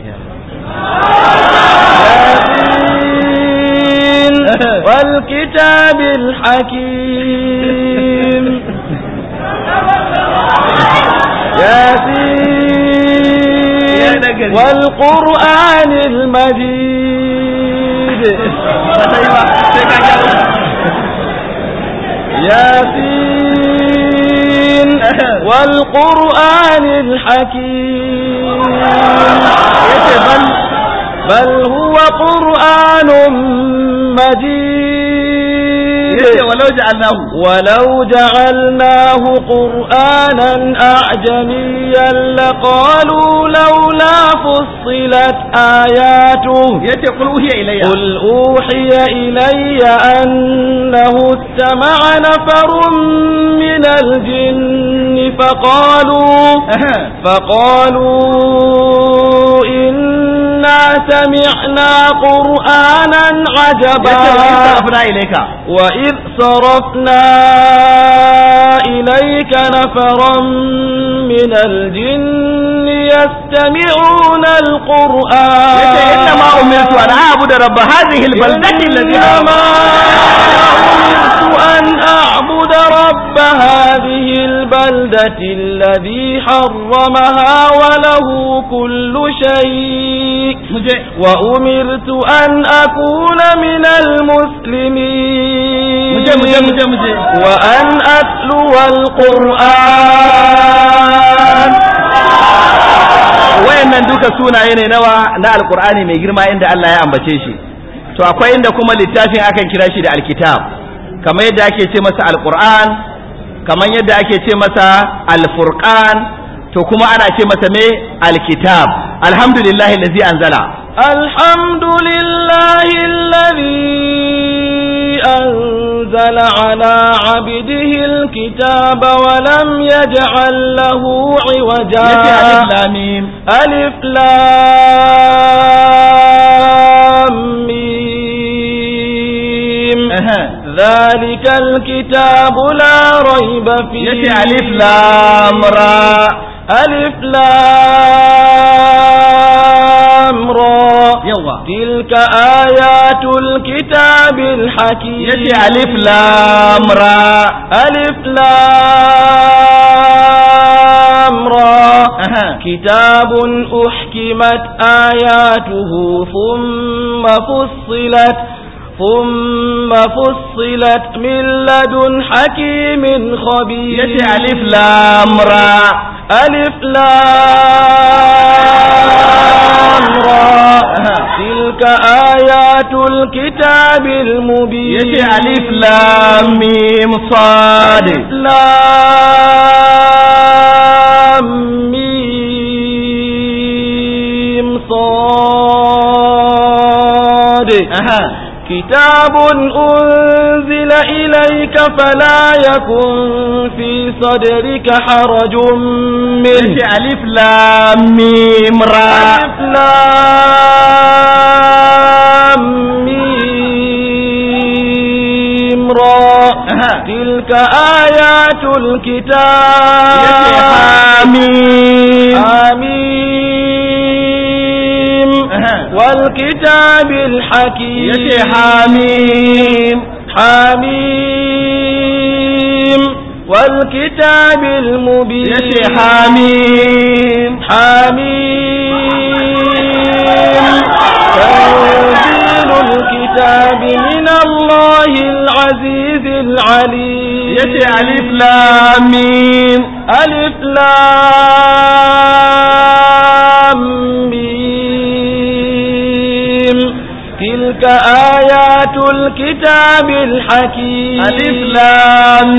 ياسين والكتاب الحكيم [LAUGHS] يا والقرآن المجيد [LAUGHS] ياسين والقرآن الحكيم بل هو قرآن مجيد ولو جعلناه ولو جعلناه قرآنا أعجميا لقالوا لولا فصلت آياته قل أوحي إلي قل أوحي إلي أنه استمع نفر من الجن فقالوا فقالوا إن إنا سمعنا قرآنا عجبا وإذ صرفنا إليك نفرا من الجن يستمعون القرآن إنما أمرت أن أعبد رب هذه البلدة التي أمرت أن أعبد رب هذه البلدة الذي حرمها وله كل شيء وأمرت أن أكون من المسلمين duka sunaye ne nawa na Alƙur'ani mai girma inda Allah ya ambace shi to akwai inda kuma littafin akan kira shi da alkitab kamar yadda ake ce masa alqur'an kamar yadda ake ce masa alfurqan to kuma ana ce masa me alkitab alhamdulillahi allazi anzala alhamdulillahi allazi أنزل على عبده الكتاب ولم يجعل له عوجا ألف لام ميم ذلك الكتاب لا ريب فيه يتي ألف لام را ألف لام را تلك آيات الكتاب الحكيم يتي ألف لام را ألف لام را كتاب أحكمت آياته ثم فصلت ثم فصلت من لدن حكيم خبير يتي ألف لام را ألف لام را تلك آيات الكتاب المبين يتي ألف لام ميم صاد لام ميم كتاب أنزل إليك فلا يكن في صدرك حرج منه ألف لام ميم را ألف لام ميم را تلك آيات الكتاب آمين آمين والكتاب الحكيم حميم حميم والكتاب المبين حميم حميم تنزيل الكتاب من الله العزيز العليم يتي ألف لامين ألف لامين تلك آيات الكتاب الحكيم ألف لام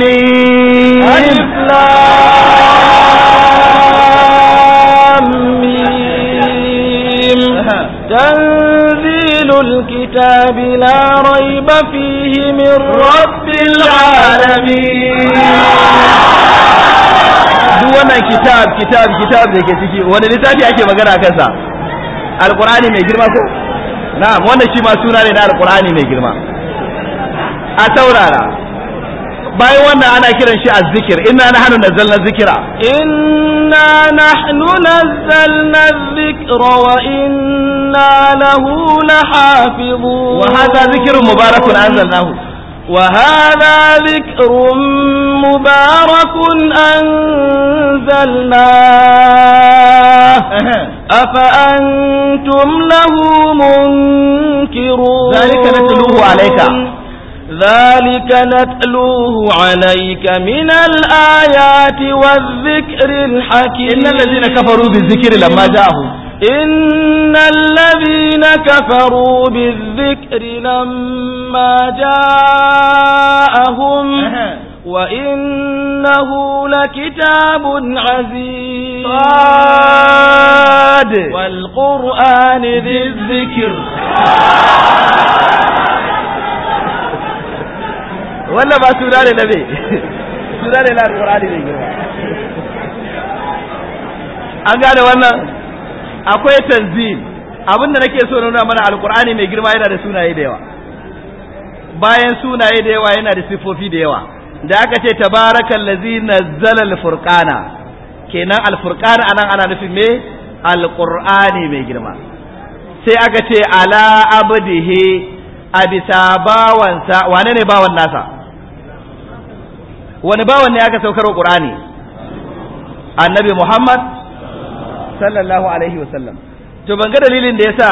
ألف لام تنزيل الكتاب لا ريب فيه من رب العالمين duk wannan kitab kitab kitab da ke ciki wani littafi ake magana kansa alkurani mai girma ko na'am wannan shi ma suna ne na alqur'ani mai girma a taurara bayan wannan ana kiran shi azzikir inna nahnu nazzalna zikra inna nahnu nazzalna zikra wa inna lahu lahafizun wa hadha zikrun mubarakun anzalnahu وهذا ذكر مبارك أنزلناه أفأنتم له منكرون ذلك نتلوه عليك ذلك نتلوه عليك من الآيات والذكر الحكيم إن الذين كفروا بالذكر لما جاءهم إن الذين كفروا بالذكر لما جاءهم وإنه لكتاب عزيز والقرآن ذي الذكر [LAUGHS] ولا ما سورة النبي سورة القرآن ذي الذكر أقال وانا akwai tanzil abinda nake so nuna mana alkur'ani mai girma yana da sunaye da yawa bayan sunaye da yawa yana da sifofi da yawa da aka ce tabarakal ladzi nazzala alfurqana kenan alfurqana anan ana nufin me alkur'ani mai girma sai aka ce ala abdihi a bisa bawansa wane ne bawan nasa wani bawan ne aka saukar wa ƙur'ani? annabi muhammad sallallahu alaihi wasallam to ban ga dalilin da yasa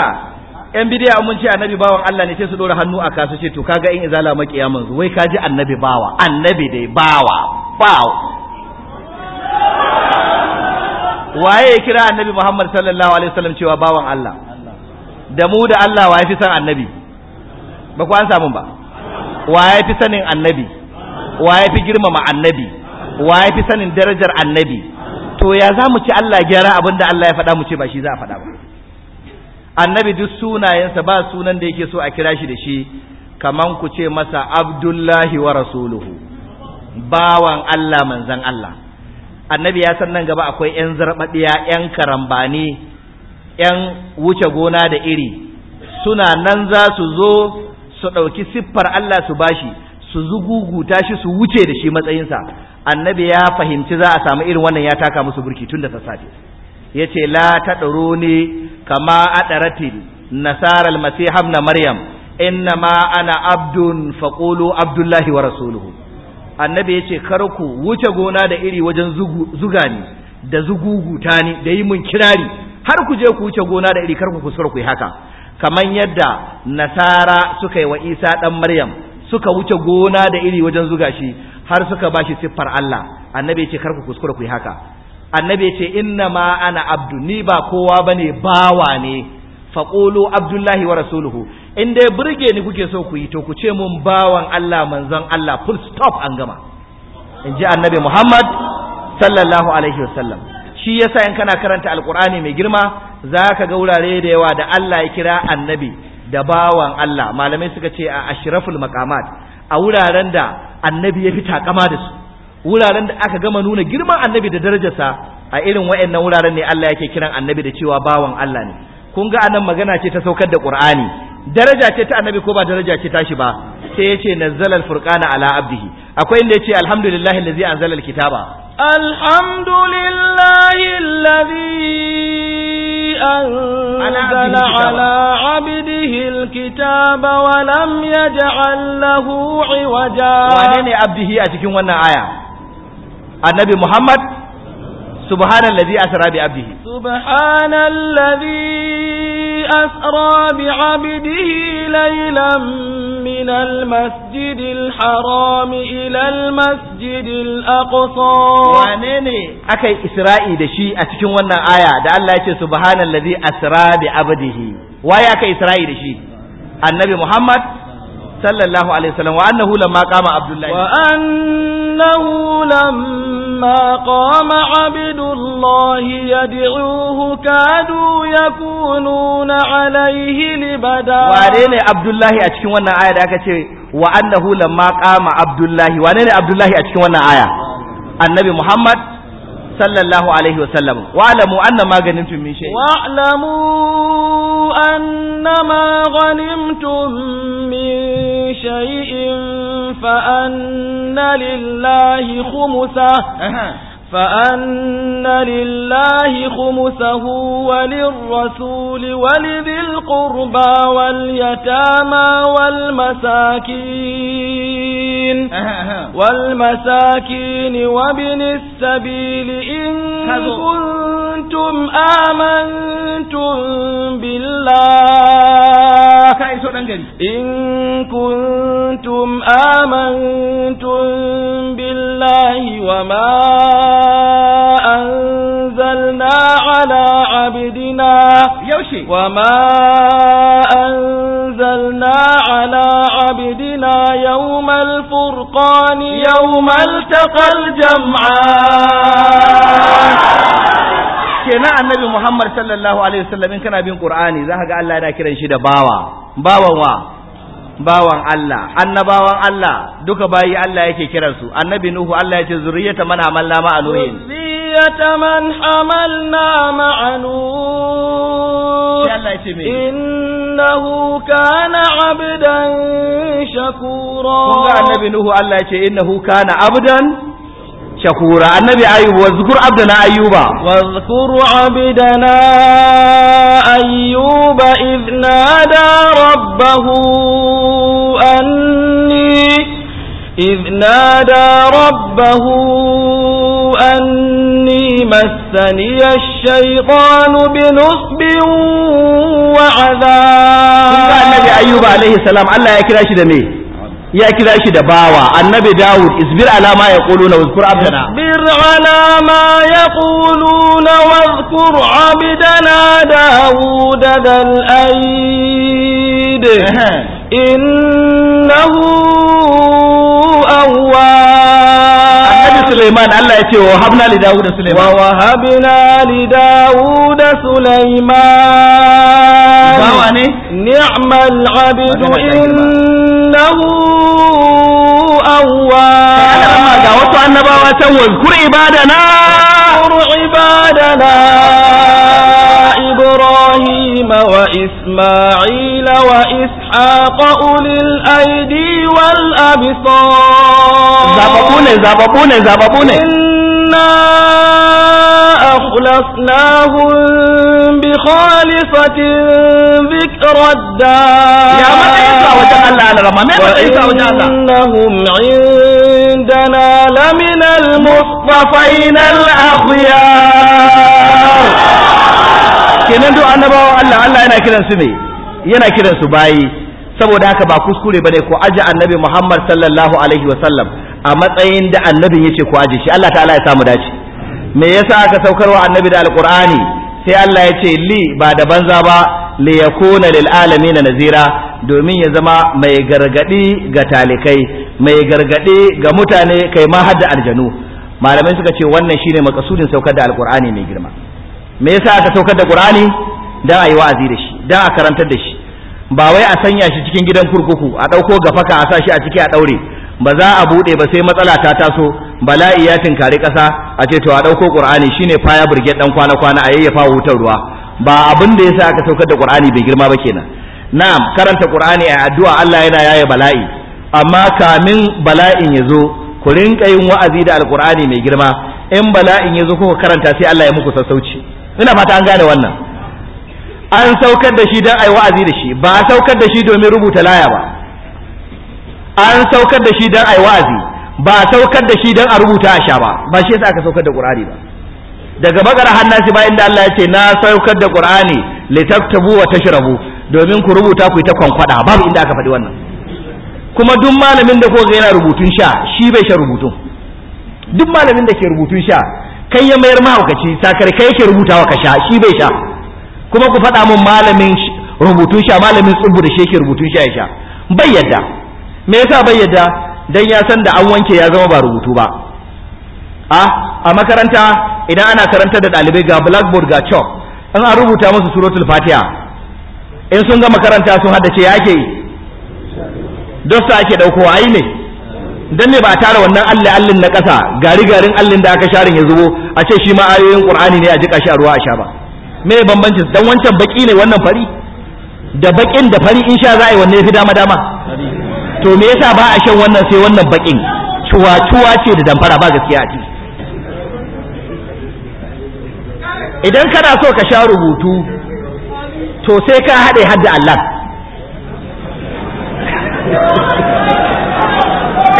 yan bidiya mun ce annabi bawan Allah ne sai su dora hannu a kasu ce to kaga in izala makiya manzo wai kaji annabi bawa annabi dai bawa bawa waye ya kira annabi Muhammad sallallahu alaihi wasallam cewa bawan Allah da mu da Allah waye fi san annabi ba ku an samu ba waye fi sanin annabi waye fi girmama annabi waye fi sanin darajar annabi to ya za mu ci Allah gyara abin da Allah ya faɗa mu ce ba shi za a faɗa ba annabi duk sunayensa ba sunan da yake so a kira shi da shi kaman ku ce masa abdullahi wa rasuluhu bawan Allah manzan Allah annabi ya san nan gaba akwai 'yan zarbaɗiya 'yan karambani 'yan wuce gona da iri suna nan za su zo su ɗauki siffar Allah su bashi su zuguguta shi su wuce da shi matsayinsa annabi ya fahimci za a samu irin wannan ya taka musu burki tun da sassafe ya ce la ta ɗaro ne kama a ɗaratin nasarar masiham na maryam inna ma ana abdun faƙolo abdullahi wa rasuluhu annabi ya ce kar ku wuce gona da iri wajen zuga ni da zuguguta ni da yi mun kirari har ku je ku wuce gona da iri karku ku ku yi haka kamar yadda nasara suka yi wa isa ɗan maryam suka wuce gona da iri wajen zuga shi har suka ba shi siffar Allah annabi ya ce karku kuskura ku yi haka annabi ya ce inna ma ana abdu ni ba kowa bane bawa ne faqulu abdullahi wa rasuluhu in dai burge ni kuke so ku yi to ku ce mun bawan Allah manzon Allah full stop an gama in ji annabi Muhammad sallallahu alaihi wasallam shi yasa in kana karanta alqur'ani mai girma zaka ga wurare da yawa da Allah ya kira annabi da bawan Allah malamai suka ce a ashraful maqamat a wuraren da annabi ya fi takama da su wuraren da aka gama nuna girman annabi da darajarsa a irin waɗannan wuraren ne Allah yake kiran annabi da cewa bawan Allah ne kun ga anan magana ce ta saukar da Qur'ani daraja ce ta annabi ko ba daraja ce tashi ba sai yace nazzala al-furqana ala abdihi akwai inda yace alhamdulillahi allazi anzala al-kitaba alhamdulillahi allazi أنزل على عبده الكتاب ولم يجعل له عوجا وعنين عبده أتكون وانا آية النبي محمد سبحان الذي أسرى بعبده سبحان الذي أسرى بعبده ليلا من المسجد الحرام إلى المسجد الأقصى وعنيني أكي إسرائي دشي أتكون ونا آية دا الله يتي سبحان الذي أسرى بعبده ويا أكي إسرائي دشي النبي محمد sallallahu alaihi wasallam wa annahu lamma qama abdullahi wa annahu lamma qama abdullahi yad'uhu kadu yakununa alaihi libada wane ne abdullahi a cikin wannan aya da aka ce wa annahu lamma qama abdullahi wane ne abdullahi a cikin wannan aya annabi muhammad sallallahu alaihi wasallam wa'lamu anna ma ganimtum min shay'in wa'lamu anna ma ganimtum min shay'in fa anna lillahi فأن لله خمسه وللرسول ولذي القربى واليتامى والمساكين والمساكين وابن السبيل إن كنتم آمنتم بالله إن كنتم آمنتم بالله الله وما أنزلنا على عبدنا يوشي وما أنزلنا على عبدنا يوم الفرقان يوم التقى الجمعان kenan annabi Muhammad sallallahu alaihi wasallam in kana bin Qur'ani zaka ga Allah yana kiran shi da bawa bawan Allah annabawan Allah duka bayi Allah yake kiran su annabi nuhu Allah yake zuriyata man amalna ma'a nuhin zuriyata man amalna ma'a nuh innahu kana abdan shakura kun ga annabi nuhu Allah yake innahu kana abdan شكورا النبي أيوب واذكر عبدنا أيوب واذكر عبدنا أيوب إذ نادى ربه أني إذ نادى ربه أني مسني الشيطان بنصب وعذاب النبي أيوب عليه السلام الله يكرا شدمي ya kira shi da bawa annabi dawud isbir ala ma yaquluna wazkur abdana Bir ala ma yaquluna wazkur abdana dawud dal aid innahu awwab annabi sulaiman Allah ya ce wa habna li dawud sulaiman wa habna li dawud sulaiman bawa ne ni'mal abdu in innahu awwab ga wasu annabawa can wazkur ibadana wazkur ibadana ibrahim wa isma'il wa ishaq ulil aidi wal absar zababu ne zababu إنا أخلصناهم بخالصة ذكر الدار وإنهم عندنا لمن المصطفين الأخيار kenan duk annabawan Allah Allah yana kiran su ne yana kiran su bayi saboda haka ba kuskure bane ko aji annabi Muhammad sallallahu alaihi sallam. a matsayin da annabin yace ku aje shi Allah ta'ala ya samu dace me yasa aka saukar wa annabi da alqur'ani sai Allah ya ce li ba da banza ba li yakuna lil alamin nazira domin ya zama mai gargadi ga talikai mai gargadi ga mutane kai ma hadda aljanu malamai suka ce wannan shine makasudin saukar da alqur'ani mai girma me yasa aka saukar da qur'ani dan ayi wa'azi da shi dan a karantar da shi ba wai a sanya shi cikin gidan kurkuku a ɗauko gafaka a sa shi a ciki a ɗaure ba za a buɗe ba sai matsala ta taso bala'i ya tinkari ƙasa a ce to a ɗauko ƙur'ani shine faya burge ɗan kwana kwana a yayyafa wutar ruwa ba abin da yasa aka saukar da ƙur'ani bai girma ba kenan na'am karanta ƙur'ani a addu'a Allah yana yaye bala'i amma kamin bala'in ya zo ku rinka yin wa'azi da alƙur'ani mai girma in bala'in ya zo kuka karanta sai Allah ya muku sassauci ina fata an gane wannan an saukar da shi don a wa'azi da shi ba a saukar da shi domin rubuta laya ba an saukar da shi don a yi wa'azi ba a saukar da shi don a rubuta a sha ba ba shi yasa aka saukar da qur'ani ba daga bakara hannasi bayan da Allah ya ce na saukar da qur'ani litaktabu wa tashrabu domin ku rubuta ku yi ta kwankwada babu inda aka faɗi wannan kuma duk malamin da koga yana rubutun sha shi bai sha rubutun duk malamin da ke rubutun sha kai ya mayar mahaukaci sakar kai rubuta rubutawa ka sha shi bai sha kuma ku faɗa mun malamin rubutun sha malamin tsubu da shi yake rubutun sha ya sha bai yadda me yasa bai yadda dan ya san da an wanke ya zama ba rubutu ba a a makaranta idan ana karantar da ɗalibai ga blackboard ga chalk in an rubuta musu suratul fatiha in sun ga makaranta sun haddace ya ake dosta ake ɗauko ai ne dan ne ba a tara wannan Allah allin na kasa gari garin allin da aka sharin ya zubo a ce shi ma ayoyin qur'ani ne a jika shi a ruwa a sha ba me bambanci dan wancan baki ne wannan fari da bakin da fari in sha za a yi wanne fi dama dama to me yasa ba a shan wannan sai wannan bakin cuwa-cuwa ce da damfara ba gaskiya ce idan kana so ka sha rubutu to sai ka haɗe hadda Allah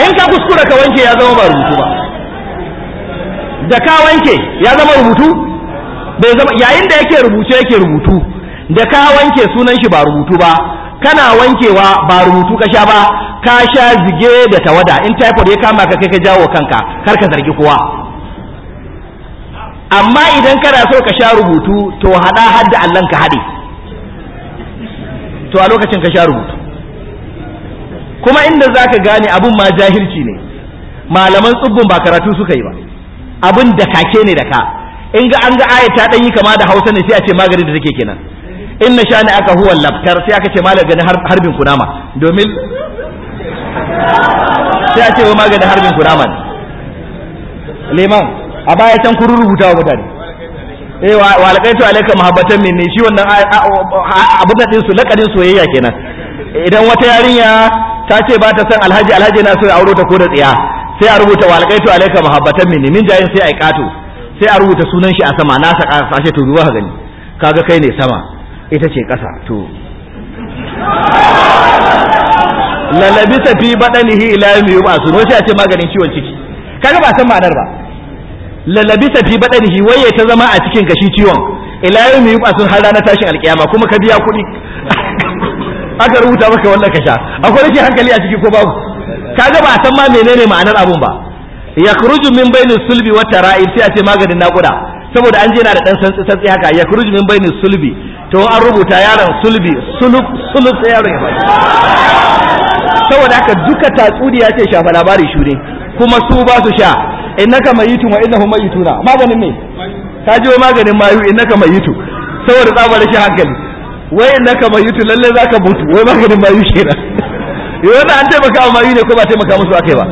in ka kuskura ka wanke ya zama ba rubutu ba da ka wanke ya zama rubutu bai zama yayin da yake rubuce yake rubutu da ka wanke sunan shi ba rubutu ba kana wankewa ba rubutu ka sha ba ka sha zige da tawada in typhoid ya kama ka kai ka jawo kanka kar ka zargi kowa amma idan kana so ka sha rubutu to hada hadda Allah ka hade to a lokacin ka sha rubutu kuma inda zaka gane abun ma jahilci ne malaman tsubbun ba karatu suka yi ba abun da kake ne da ka in ga an ga aya ta dan yi kama da Hausa ne sai a ce magani da take kenan in na aka huwa labtar sai aka ce maganin harbin kunama domin sai a ce wa maganin harbin kunama ne liman a baya can kuru rubuta wa mutane eh wa alƙaitu alaika mahabbatan ne shi wannan abin da din su lakadin soyayya kenan idan wata yarinya ta ce ba ta san alhaji alhaji na so ya auro ta ko da tsiya sai a rubuta wa alƙaitu alaika mahabbatan min min jayin sai a yi ƙato sai a rubuta sunan shi a sama na sa sashe to ruwa ka gani kaga kai ne sama ita ce ƙasa to ta [LAUGHS] fi baɗanihi ila yau yi ba su a ce maganin ciwon ciki kaga ba san ma'anar ba ta fi hi waye ta zama a cikin kashi ciwon ilayen mai yi ba sun har rana tashin alƙiyama kuma ka biya kuɗi [LAUGHS] aka rubuta maka wannan ka sha akwai rashin hankali a ciki ko babu kaga ba san ma menene ma'anar abun ba ya kuruju min baini sulbi wata ra'i sai a ce maganin naƙuda saboda an je na da ɗan santsi haka ya kuruju min baini sulbi to an rubuta yaron sulbi sulub sulub sai yaron ya faɗi saboda haka duka tatsuniya ce shafa labari shure kuma su ba su sha innaka yitu wa innahum mayituna maganin ne ka jiwo maganin mayu innaka yitu saboda tsabar shi hankali wai innaka yitu lalle zaka mutu wai maganin mayu kenan [LAUGHS] yana an taimaka wa mayu ne ko ba taimaka musu akai ba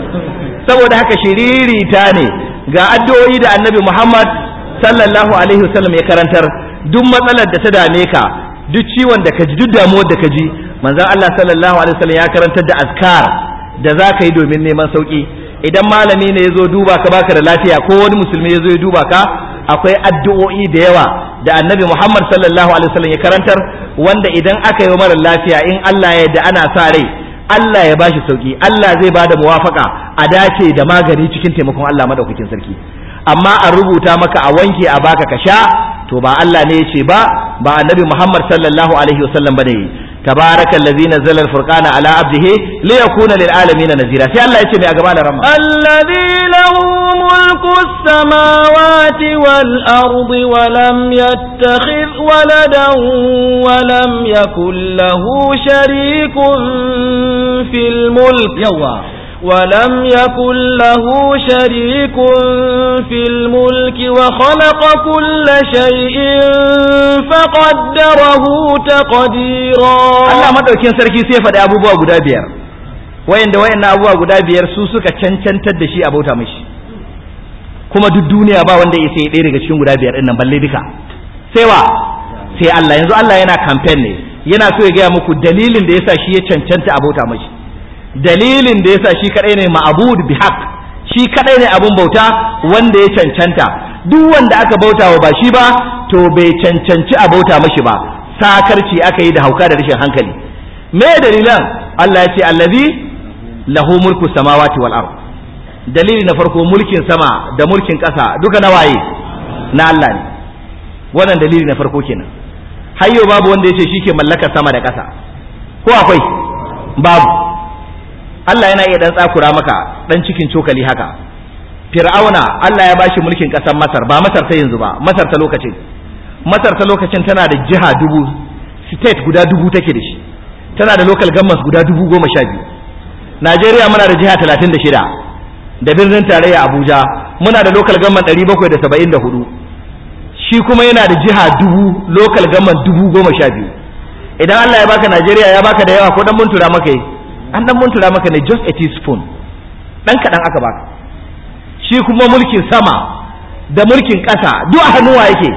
saboda haka shiririta ne ga addu'o'i da annabi Muhammad sallallahu alaihi wasallam ya karantar duk matsalar da ta dame ka duk ciwon da ka ji duk damuwar da ka ji manzon Allah sallallahu alaihi wasallam ya karantar da azkar da za ka yi domin neman sauki idan malami ne ya zo duba ka baka da lafiya ko wani musulmi ya zo ya duba ka akwai addu'o'i da yawa da annabi Muhammad sallallahu alaihi wasallam ya karantar wanda idan aka yi mara lafiya in Allah ya yarda ana sa rai Allah ya bashi sauki Allah zai ba da muwafaka a dace da magani cikin taimakon Allah madaukakin sarki amma a rubuta maka a wanke a baka ka sha to ba Allah ne yace ba ba annabi Muhammad sallallahu alaihi wasallam bane tabaraka allazi nazzala alfurqana ala abdihi li yakuna lil na nazira sai Allah yace mai a gaba da ramma allazi lahu mulku samawati wal ardi wa lam yattakhidh waladan wa lam yakul lahu sharikun fil mulk yawa ولم يكن له شريك في الملك وخلق كل شيء فقدره تقديرا الله دوكين سركي سي faɗi abubuwa guda biyar wayanda wayannan abubuwa guda biyar su suka cancantar da shi a bauta mishi kuma duk duniya ba wanda ya ɗaya daga cikin guda biyar ɗin nan balle duka sai wa sai Allah yanzu Allah yana campaign ne yana so ya gaya muku dalilin da yasa shi ya cancanta a bauta dalilin da yasa shi kadai ne ma'bud bi haqq shi kadai ne abun bauta wanda ya cancanta duk wanda aka bauta wa ba shi ba to bai cancanci a bauta mashi ba sakarci aka yi da hauka da rashin hankali me dalilan Allah ya ce allazi lahu mulku samawati wal ard dalili na farko mulkin sama da mulkin ƙasa duka na waye na Allah ne wannan dalili na farko kenan hayyo babu wanda yace ce shi ke mallaka sama da kasa ko akwai babu Allah yana iya dan tsakura maka dan cikin cokali haka fir'auna Allah ya bashi mulkin kasar Masar ba Masar ta yanzu ba Masar ta lokacin Masar ta lokacin tana da jiha dubu state guda dubu take da shi tana da local governments guda dubu goma sha biyu Najeriya muna da jiha talatin da shida da birnin tarayya Abuja muna da local government ɗari da saba'in shi kuma yana da jiha dubu local government dubu goma sha biyu idan Allah ya baka Najeriya ya baka da yawa ko dan mun tura maka yi an dan muntura maka ne just a teaspoon dan kaɗan aka baka shi kuma mulkin sama da mulkin ƙasa duk a hannuwa yake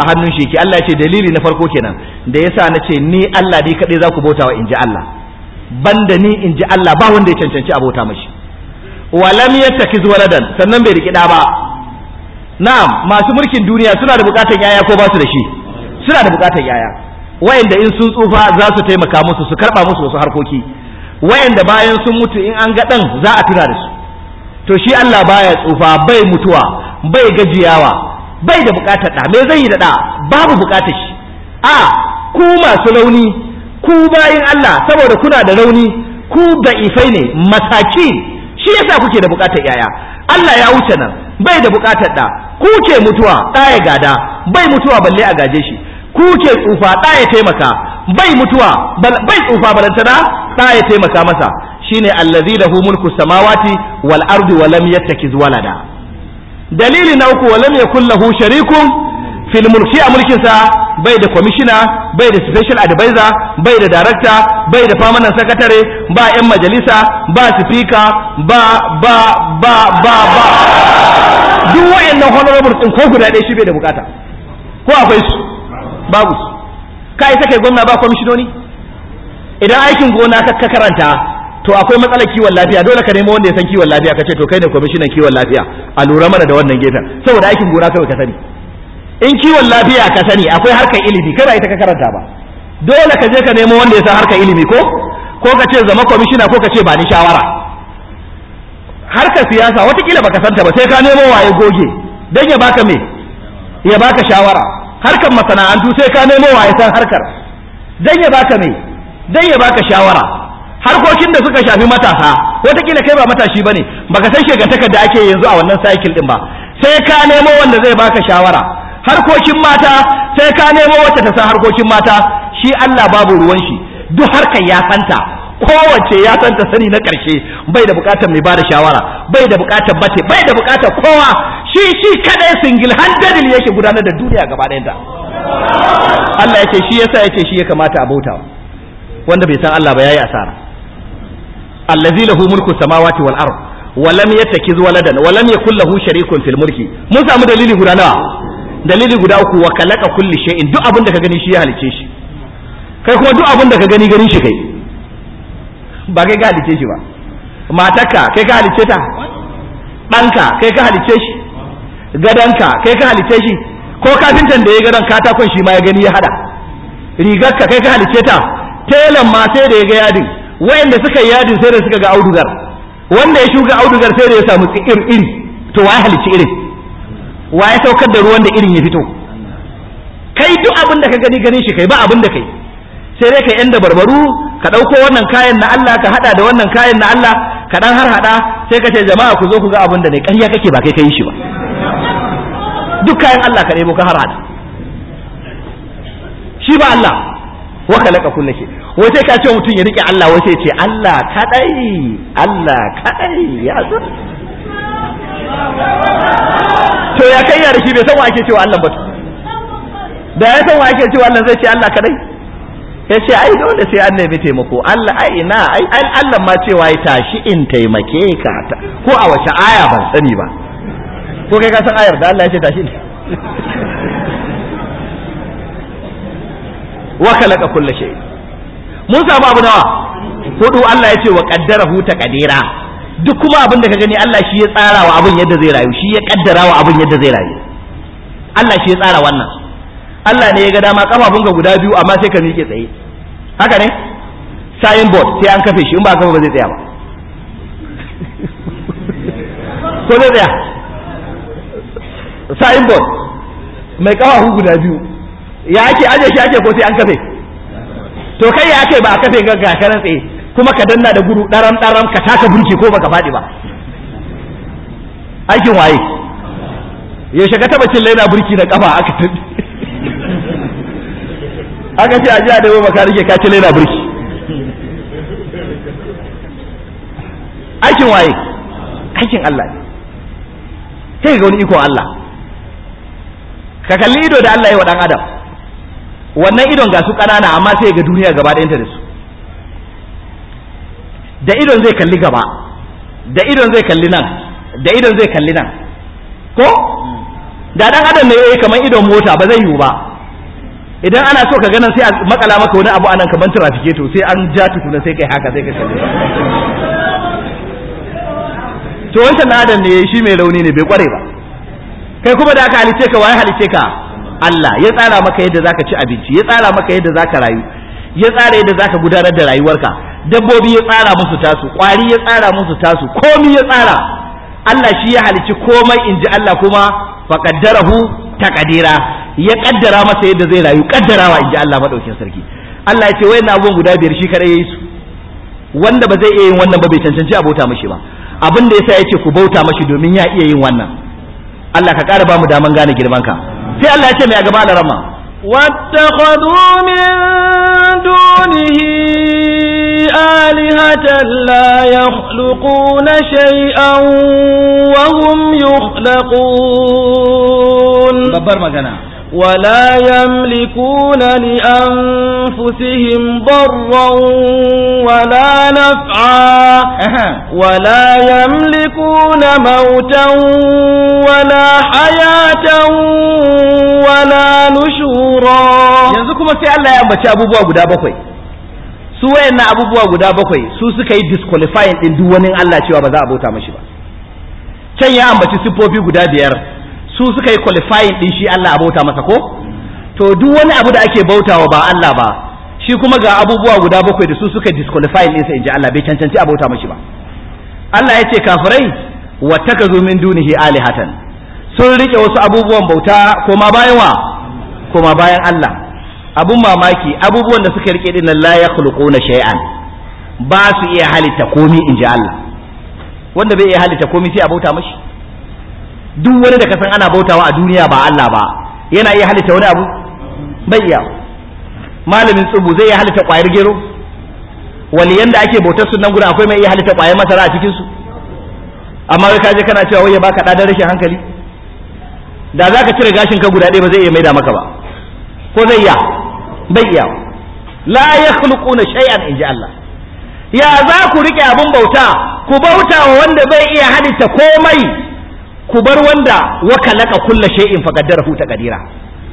a hannun shi ke Allah ya ce dalili na farko kenan da yasa na ce ni Allah ne kaɗai za ku bauta wa inji Allah banda ni inji Allah ba wanda ya cancanci a bauta mashi walam yattakiz waladan sannan bai riki ba na'am masu mulkin duniya suna da bukatar yaya ko ba su da shi suna da bukatar yaya wayanda in sun tsufa za su taimaka musu su karba musu wasu harkoki wayanda bayan sun mutu in an ga dan za a tura da su to shi Allah baya tsufa bai mutuwa bai gajiyawa bai da bukatar da me zai yi da da babu bukatar shi a ku masu rauni ku bayin Allah saboda kuna da rauni ku da ifai ne masaki shi yasa kuke da bukatar yaya Allah ya wuce nan bai da bukatar da ku ke mutuwa ɗaya gada bai mutuwa balle a gaje shi ku ke tsufa ɗaya taimaka bai mutuwa bai tsufa balantana da ya taimaka masa shine allazi hu mulku samawati wal ardi wa lam yattakiz walada dalili na uku wa lam yakul lahu sharikun fil mulki a mulkin sa bai da kwamishina bai da special advisor bai da director bai da permanent sakatare ba yan majalisa ba speaker ba ba ba ba ba duk wayannan honorable din ko guda ɗaya shi bai da bukata ko akwai su babu su ka kai gwamna ba kwamishinoni idan aikin gona ka karanta to akwai matsalar kiwon lafiya dole ka nemo wanda ya san kiwon lafiya ka ce to kai ne kwamishinan kiwon lafiya a lura mana da wannan gefen saboda aikin gona kawai ka sani in kiwon lafiya ka sani akwai harkar ilimi kai ita ka karanta ba dole ka je ka nemo wanda ya san harkar ilimi ko ko ka ce zama kwamishina ko ka ce ba ni shawara harkar siyasa watakila baka santa ba sai ka nemo waye goge dan ya baka me ya baka shawara harkar masana'antu sai ka nemo wa san harkar dan ya baka me dan ya baka shawara harkokin da suka shafi matasa wataƙila kai ba matashi bane baka san shegantakar da ake yanzu a wannan cycle din ba sai ka nemo wanda zai baka shawara harkokin mata sai ka nemo wacce ta san harkokin mata shi Allah babu ruwan shi duk harkar ya santa kowace ya san ta sani na ƙarshe bai da buƙatar mai da shawara bai da buƙatar bace bai da buƙatar kowa shi shi kadai single handed yake gudanar da duniya gaba ɗayanta Allah yake shi yasa yake shi ya kamata a bauta wanda bai san Allah ba yayi asara allazi lahu mulku samawati wal ard wa lam yattakiz waladan wa lam yakul lahu sharikun fil mulki mun samu dalili guda nawa dalili guda uku wa kalaka kulli shay'in duk abin da ka gani shi ya halice shi kai kuma duk abin da ka gani ganin shi kai ba kai ka halice shi ba matarka kai ka halice ta ɗanka kai ka halice shi gadonka kai ka halice shi ko kafintan da ya gadon katakon shi ma ya gani ya hada rigarka kai ka halice ta telan ma sai da ya ga yadin wayanda suka yi yadin sai da suka ga audugar wanda ya shuka audugar sai da ya samu tsiir iri to wa ya halice irin wa ya saukar da ruwan da irin ya fito kai duk abin da ka gani ganin shi kai ba abin da kai sai dai kai yan da barbaru ka ɗauko wannan kayan na Allah ka haɗa da wannan kayan na Allah ka ɗan har haɗa sai ka ce jama'a ku zo ku ga abin da ne ƙarya kake ba kai ka yi shi ba duk kayan Allah ka nemo ka har haɗa shi ba Allah wa khalaqa kullu shay wai sai ka ce mutum ya rike Allah wai sai ce Allah kaɗai, Allah kaɗai, ya zo to ya kai ya rike bai san wa ake cewa Allah ba da ya san wa ake cewa Allah zai ce Allah kaɗai? ya ce ai dole sai an nemi taimako Allah ai ina ai Allah ma cewa ya tashi in taimake ka ko a wace aya ban sani ba ko kai ka san ayar da Allah ya ce tashi wa khalaqa kulli shay mun samu abu nawa hudu Allah ya ce wa qaddarahu taqdira duk kuma abin da ka gani Allah shi ya tsara wa abin yadda zai rayu shi ya kaddara wa abin yadda zai rayu Allah shi ya tsara wannan Allah ne ya ga dama kafafunka guda biyu amma sai ka miƙe tsaye haka ne sayin board sai an kafe shi in ba kafa ba zai tsaya ba ko zai tsaya sayin board mai kafafu guda biyu ya ake aje shi ake ko sai an kafe to kai ya ake ba a kafe ga kakarar tsaye kuma ka danna da guru daram daram ka taka burki ko baka faɗi ba aikin waye yaushe ka taba cin laina burki da kafa aka tabi aka ce a ji a dawo maka ka kaki laina birki aikin waye aikin Allah ne kai ga wani ikon Allah ka kalli ido da Allah ya wa dan adam wannan idon ga su ƙanana amma sai ga duniya gaba ɗayanta da su da idon zai kalli gaba da idon zai kalli nan da idon zai kalli nan ko da dan adam ne yayi kamar idon mota ba zai yiwu ba idan ana so ka ganin sai a makala maka wani abu anan kaman trafike to sai an ja tukuna sai kai haka sai ka kalle to wancan ladan ne shi mai rauni ne bai kware ba kai kuma da aka halice ka waye halice ka Allah ya tsara maka yadda zaka ci abinci ya tsara maka yadda zaka rayu ya tsara yadda zaka gudanar da rayuwarka dabbobi ya tsara musu tasu kwari ya tsara musu tasu komai ya tsara Allah shi ya halici komai inji Allah kuma faqaddarahu taqdira ya kaddara masa yadda zai rayu kaddarawa in ji Allah madaukin sarki Allah ya ce wayannan abubuwan guda biyar shi kadai yayi su wanda ba zai iya yin wannan ba bai cancanci a bauta mashi ba abin da yasa ce ku bauta mashi domin ya iya yin wannan Allah ka ƙara ba mu daman gane girman ka sai Allah ya ce mai a gaba alarama واتخذوا من دونه آلهة لا يخلقون شيئا وهم يخلقون Babbar magana. ولا يملكون لأنفسهم ضرا ولا نفعا ولا يملكون موتا ولا حياة ولا نشورا ينزكم سي الله يا أبو بوا guda bakwai su wayannan abubuwa guda bakwai su suka yi disqualifying din duk wani Allah cewa ba za a bauta mashi ba can ya ambaci siffofi guda biyar su suka yi qualifying din shi Allah a masa ko to duk wani abu da ake bautawa ba Allah ba shi kuma ga abubuwa guda bakwai da su suka disqualifying din sa inji Allah bai cancanci a bauta mashi ba Allah ya ce kafirai takazu min dunihi alihatan sun rike wasu abubuwan bauta koma bayan wa koma bayan Allah abun mamaki abubuwan da suka rike dinnan la yakhluquna shay'an ba su iya halitta komi inji Allah wanda bai iya halitta komi sai a bauta mashi duk wani da kasan ana bautawa a duniya ba Allah ba yana iya halitta wani abu bai iya malamin tsubu zai iya halitta kwayar gero Wani yanda ake bautar sunan guda akwai mai iya halitta kwayar masara a cikin su amma kai kaje kana cewa wai ya baka da rashin hankali da zaka cire gashin ka guda ɗaya ba zai iya maida maka ba ko zai iya bai iya la yakhluquna shay'an inji Allah ya za ku rike abun bauta ku bauta wanda bai iya halitta komai ku bar wanda waka laka kulla shay'in fa qaddarahu taqdira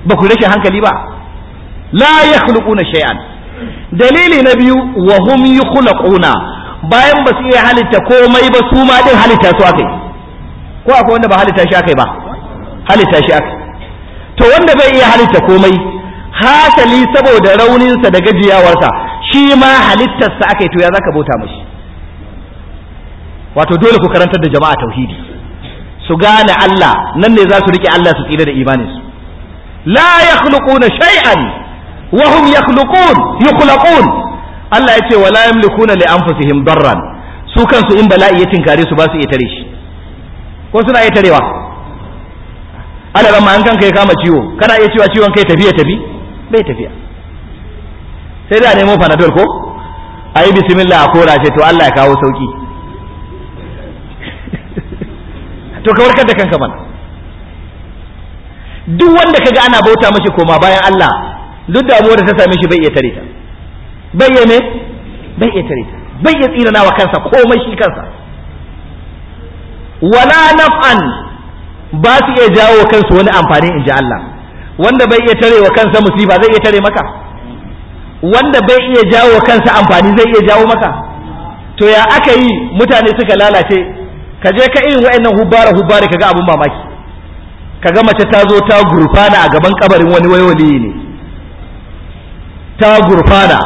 ba ku rashin hankali ba la yakhluquna shay'an dalili na biyu wa hum yukhluquna bayan ba su iya halitta komai ba su ma din halitta su akai ko akwai wanda ba halitta shi akai ba halitta shi akai to wanda bai iya halitta komai hasali saboda rauninsa da gajiyawarsa shi ma halittarsa akai to ya zaka bauta mashi wato dole ku karantar da jama'a tauhidi su gane Allah nan ne za su rike Allah su tsira da imanin su la yakhluquna shay'an wa hum yakhluqun yakhluqun Allah ya ce wala yamlikuna li anfusihim darran su kansu in bala'i ya tinkare su ba su iya tare shi ko suna iya tarewa ala ba man an kanka ya kama ciwo kana iya cewa ciwon kai tafiya tafi bai tafiya sai da nemo panadol ko ayi bismillah a kora ce to Allah ya kawo sauki to ka warkar da kanka mana duk wanda kaga ana bauta mashi koma bayan Allah duk da abuwar da ta same shi bai iya tare ta bai iya ne bai iya tare ta bai iya tsira wa kansa komai shi kansa wala naf'an ba su iya jawo kansu wani amfani in ji Allah wanda bai iya tare wa kansa musiba zai iya tare maka wanda bai iya jawo kansa amfani zai iya jawo maka to ya aka yi mutane suka lalace ka je ka irin wa'annan hubara hubara kaga abun mamaki kaga mace ta zo ta gurfana a gaban kabarin wani wayoli ne ta gurfana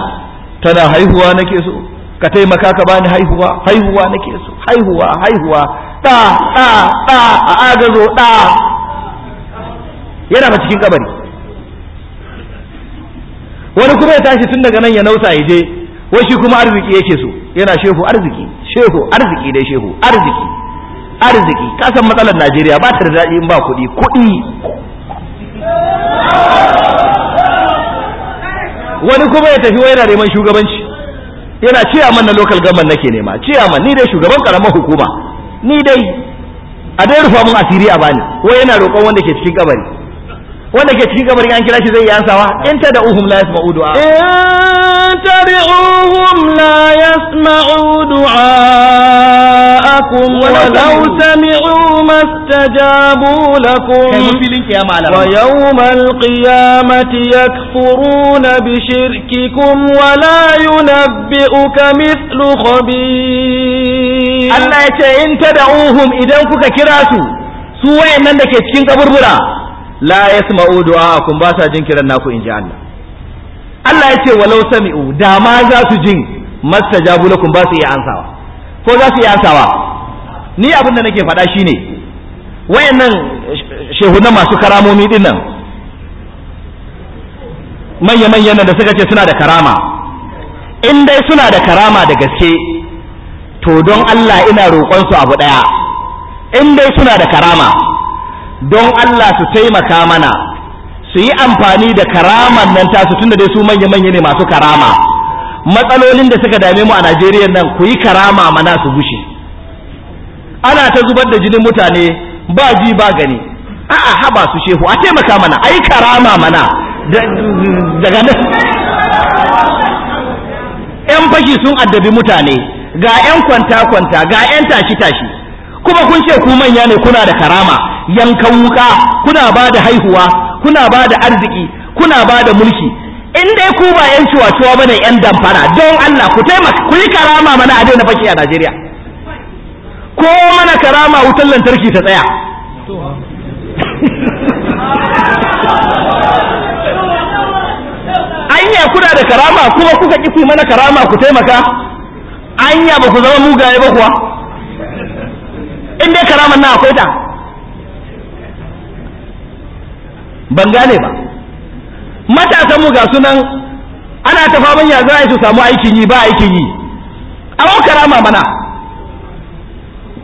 tana haihuwa nake so ka taimaka ka bani haihuwa haihuwa nake so haihuwa haihuwa da da da a agazo da yana ba cikin kabari wani kuma ya tashi tun daga nan ya nausa ya je wai shi kuma arziki yake so yana shehu arziki shehu arziki dai shehu arziki arziki kasan matsalar najeriya ba ta da daɗi in ba kuɗi kuɗi wani kuma ya tafi wai yana neman shugabanci yana man na local government nake nema man ni dai shugaban karamar hukuma ni dai a dai rufa mun asiri a bani wai yana roƙon wanda ke cikin kabari wanda ke cikin kabari an kira shi zai yi ansawa in ta da uhum la yasma'u du'a in ta da uhum la yasma'u du'a لكم ولو سمعوا ما استجابوا لكم ويوم القيامة يكفرون بشرككم ولا ينبئك مثل خبير الله يتي إن تدعوهم إذا كك كراسو سوى إن عندك يتشين كبربرا لا يسمعوا دعاءكم باسا جنكرا ناكو إن جاء الله الله يتي ولو سمعوا داما ذات جنك mastajabu lakum ba su iya ansawa ko za su iya ansawa ni abin da nake faɗa shine wayannan shehunan masu karamomi din nan manya-manyan nan da suka ce suna da karama in dai suna da karama da gaske to don Allah ina roƙonsu abu ɗaya in dai suna da karama don Allah su taimaka mana su yi amfani da karaman nan tasu tunda dai su manya-manya ne masu karama matsalolin da suka dame mu a Najeriya nan ku yi karama mana su gushe ana ta zubar da jinin mutane ba ji ba gani a'a haba su shehu a taimaka mana a yi karama mana daga nan yan fashi sun addabi mutane ga yan kwanta kwanta ga yan tashi tashi kuma kun ce ku manya ne kuna da karama yankan wuka kuna ba da haihuwa kuna ba da arziki kuna ba da mulki in dai ku ba yan ciwaciwa bane yan damfara don Allah ku taimaka ku yi karama mana a daina fashi a Najeriya ko mana karama wutar lantarki ta tsaya anya kuna da karama kuma kuka ki mana karama ku taimaka anya ba ku zama mugaye ba kuwa in dai karaman na akwai ta ban gane ba Matasa muga ga sunan ana ta faman ya za su samu aikin yi ba aikin yi a karama mana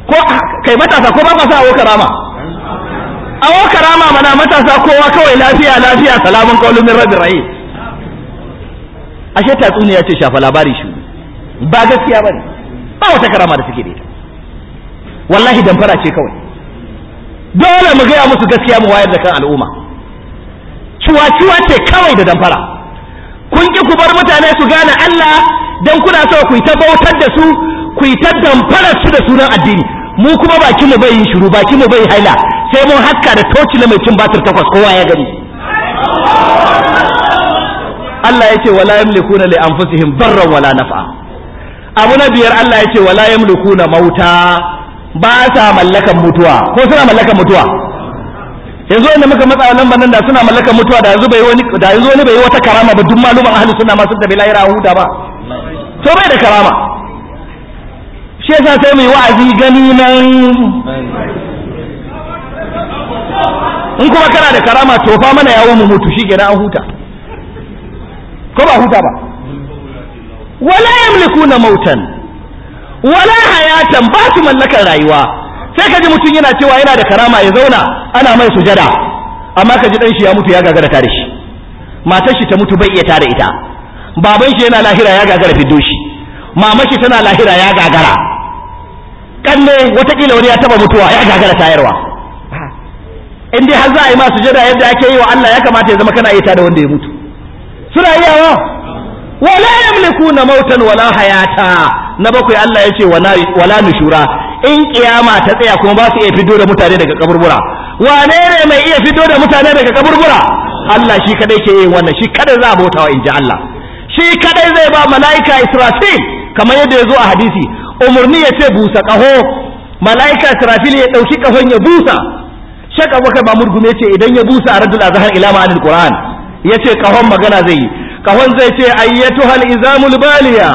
ko kai matasa ko ba ka sa awo karama awo karama mana matasa kowa kawai lafiya lafiya salamun qaulun min rabbir rahim ashe tatsuniya ce shafa labari shi ba gaskiya bane ba wata karama da suke da ita wallahi damfara ce kawai dole mu gaya musu gaskiya mu wayar da kan al'umma ciwa-ciwa ce kawai da damfara kun ki ku bar mutane su gane Allah dan kuna so ku yi ta bautar da su ku yi ta damfara su da sunan addini mu kuma bakin mu bai yi shiru bakin mu bai haila sai mun hakka da toci na mai cin batir takwas kowa ya gani Allah ya ce wala yamlikuna li anfusihim darran wala naf'a abu na biyar Allah ya ce wala yamlikuna mauta ba sa mallakan mutuwa ko suna mallakan mutuwa yanzu inda muka matsa nan ban da suna mallakan mutuwa da yanzu bai wani da yanzu wani bai wata karama ba duk malumin ahli sunna ma sun tafi lahira huda ba to bai da karama shi yasa sai mai wa'azi gani nan in kuma kana da karama tofa mana yawo mu mutu shi na an huta ko ba huta ba wala yamlikuna mautan wala hayatan ba su mallakar rayuwa sai ka ji mutum yana cewa yana da karama ya zauna ana mai sujada amma ka ji dan shi ya mutu ya gagara tare shi matar shi ta mutu bai iya tare ita baban shi yana lahira ya gagara fiddo shi shi tana lahira ya gagara kalle watakila wani ya taba mutuwa ya gagara tayarwa in dai har za a yi masu jira yadda ake yi wa Allah ya kamata ya zama kana ta da wanda ya mutu suna iyawa wala yamlikuna mautan wala hayata na bakwai Allah ya ce wala nushura in kiyama ta tsaya kuma ba su iya fito da mutane daga kaburbura wane ne mai iya fito da mutane daga kaburbura Allah shi kadai ke yin wannan shi kadai za a bautawa in ji Allah shi kadai zai ba mala'ika Israfil kamar yadda ya zo a hadisi umarni ya ce busa ƙaho mala'ika sarafil ya ɗauki ƙahon ya busa shek abubakar ba murgume ce idan ya busa a radul azhar ila ma'anil qur'an ya ce ƙahon magana zai yi ƙahon zai ce ayyatu hal izamul baliya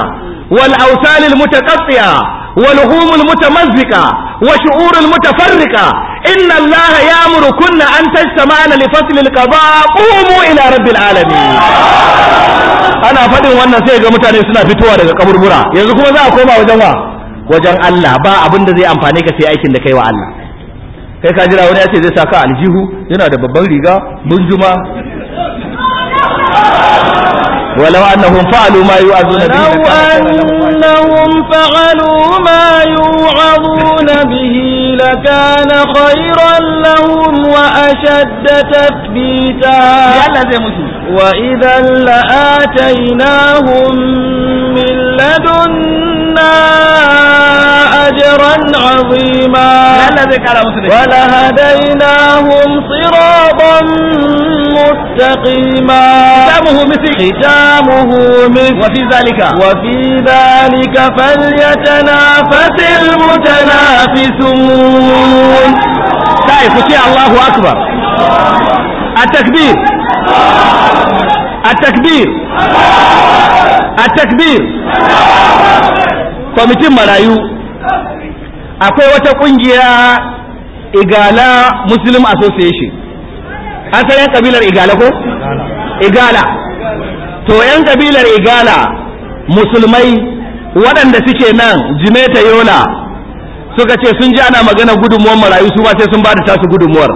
wal ta mutaqatti'a ولحوم المتمزقة وشعور المتفرقة إن ya يأمركن أن تجتمعن لفصل القضاء قوموا إلى رب العالمين أنا فدin wannan sai ga mutane suna fitowa daga kaburbura yanzu kuma za a koma wajen wa wajen Allah ba abin da zai amfani ka sai aikin da kai wa Allah kai ka jira wani ya ce zai saka aljihu yana da babban riga mun juma ولو أنهم فعلوا ما يوعظون به لو أنهم فعلوا ما يوعظون به لكان خيرا لهم وأشد تثبيتا وإذا لآتيناهم من لدن أجرا عظيما ولهديناهم صراطا مستقيما ختامه مثل ختامه مثل وفي ذلك وفي ذلك فليتنافس المتنافسون طيب، شايف تعرف الله أكبر التكبير التكبير التكبير kwamitin marayu akwai wata kungiya igala muslim association an san yan kabilar igala ko igala to yan kabilar igala musulmai waɗanda suke nan jimeta yola suka ce sun ji ana magana gudunmuwar marayu su ma sai sun ba da tasu gudunmuwar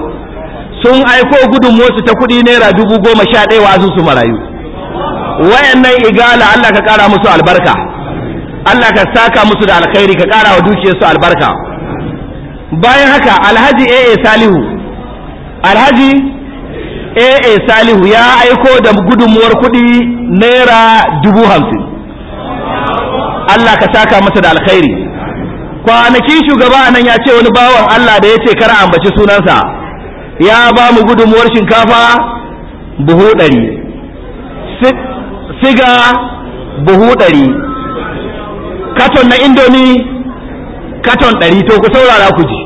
sun aiko su ta kuɗi naira dubu goma sha ɗaya wa su marayu wayannan igala allah ka ƙara musu albarka Allah ka saka musu da alkhairi ka ƙara wa su albarka bayan haka alhaji AA Salihu alhaji AA Salihu ya aiko da gudunmuwar kuɗi naira dubu hamsin Allah ka saka masa da alkhairi kwanakin shugaba nan ya ce wani bawan Allah da ya ce kar ambaci sunansa ya ba mu gudunmuwar shinkafa buhu ɗari siga buhu ɗari katon na indomi katon ɗari to ku saurara ku ji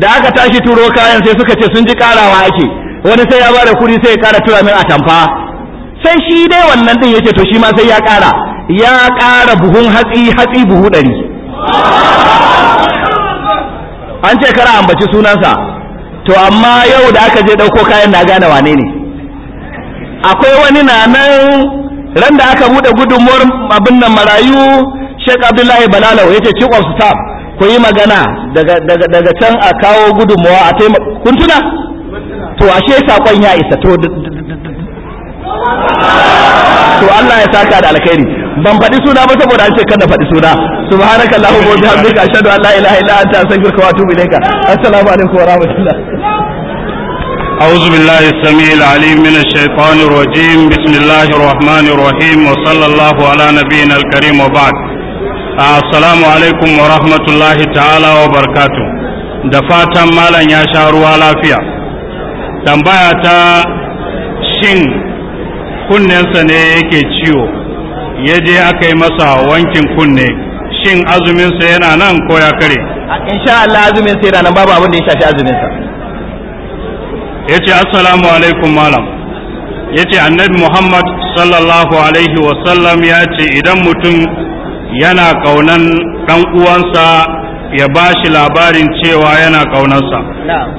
da aka tashi turo kayan sai suka ce sun ji karawa ake wani sai ya ba da kuri sai ya kara tura min atamfa sai shi dai wannan din yake to shi ma sai ya kara ya kara buhun hatsi hatsi buhu ɗari an ce kara ambaci sunansa to amma yau da aka je ɗauko kayan na gane wane ne akwai wani na nan ran da aka buɗe gudunmuwar abin nan marayu Sheikh Abdullahi Balalau yace chief of staff ku yi magana daga daga daga can a kawo gudunmawa a taimaka kun tuna to ashe sakon ya isa to to Allah ya saka da alkhairi ban faɗi suna ba saboda an ce kada faɗi suna subhanaka allahumma wa bihamdika ashhadu an la ilaha illa anta astaghfiruka wa atubu ilayka assalamu alaikum wa rahmatullah أعوذ بالله السميع العليم من الشيطان الرجيم بسم الله الرحمن الرحيم وصلى الله على نبينا الكريم وبعد assalamu alaikum wa rahmatullahi ta'ala wa barkatu da fatan malam ya sha ruwa lafiya tambaya ta shin kunnensa ne yake ciwo ya je aka yi masa wankin kunne shin azuminsa yana nan ko ya kare insha Allah azuminsa yana nan babu abin da ya shafi azuminsa ya ce assalamu alaikum malam ya ce annabi muhammad sallallahu alaihi wasallam ya ce idan mutum yana kaunan dan uwansa ya ba shi labarin cewa yana kaunansa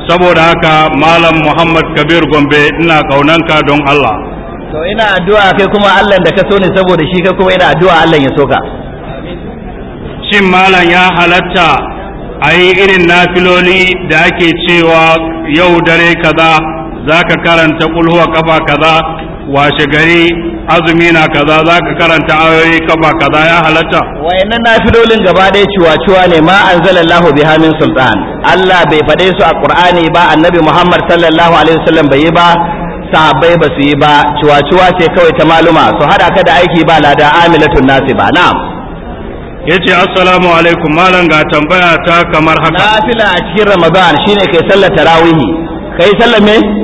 saboda haka malam muhammad kabir gombe ina kaunanka don allah to ina addu'a kai kuma allah da ka so ne saboda shi kai kuma ina addu'a allah ya soka shin malam ya halatta a yi irin nafiloli da ake cewa yau dare kaza za ka karanta kulhuwa kafa kaza washe gari azumi na kaza za ka karanta ayoyi kaba kaza ya halatta wayannan nafilolin gaba ɗaya ciwa-ciwa ne ma anzalallahu biha min sultan Allah bai faɗe su a Qur'ani ba annabi Muhammad sallallahu alaihi wasallam bai yi ba sahabbai ba su yi ba ciwa-ciwa ce kawai ta maluma su hada ka da aiki ba lada amilatun nasi ba na'am yace assalamu alaikum malam ga tambaya ta kamar haka nafila a cikin ramadan shine kai sallar tarawihi kai sallar me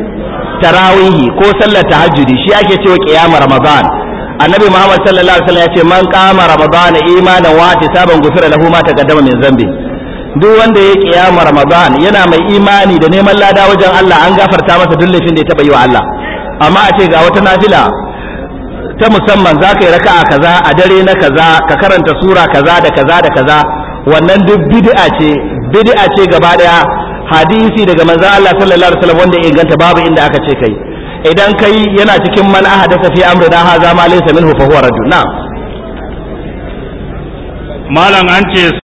tarawihi ko sallar tahajjudi shi ake cewa qiyam ramadan annabi muhammad sallallahu alaihi wasallam ya ce man qama ramadan imanan wa tisaban gufira lahu ma taqaddama min zambi duk wanda ya qiyam ramadan yana mai imani da neman lada wajen Allah an gafarta masa duk da ya taba yi wa Allah amma a ce ga wata nafila ta musamman za ka yi raka'a kaza a dare na kaza ka karanta sura kaza da kaza da kaza wannan duk bid'a ce bid'a ce gaba daya hadisi daga manzon Allah sallallahu alaihi wasallam wanda ya inganta babu inda aka ce kai idan kai yana cikin man ahadatha fi da haza ma laysa minhu fa huwa rajul na'am malam an ce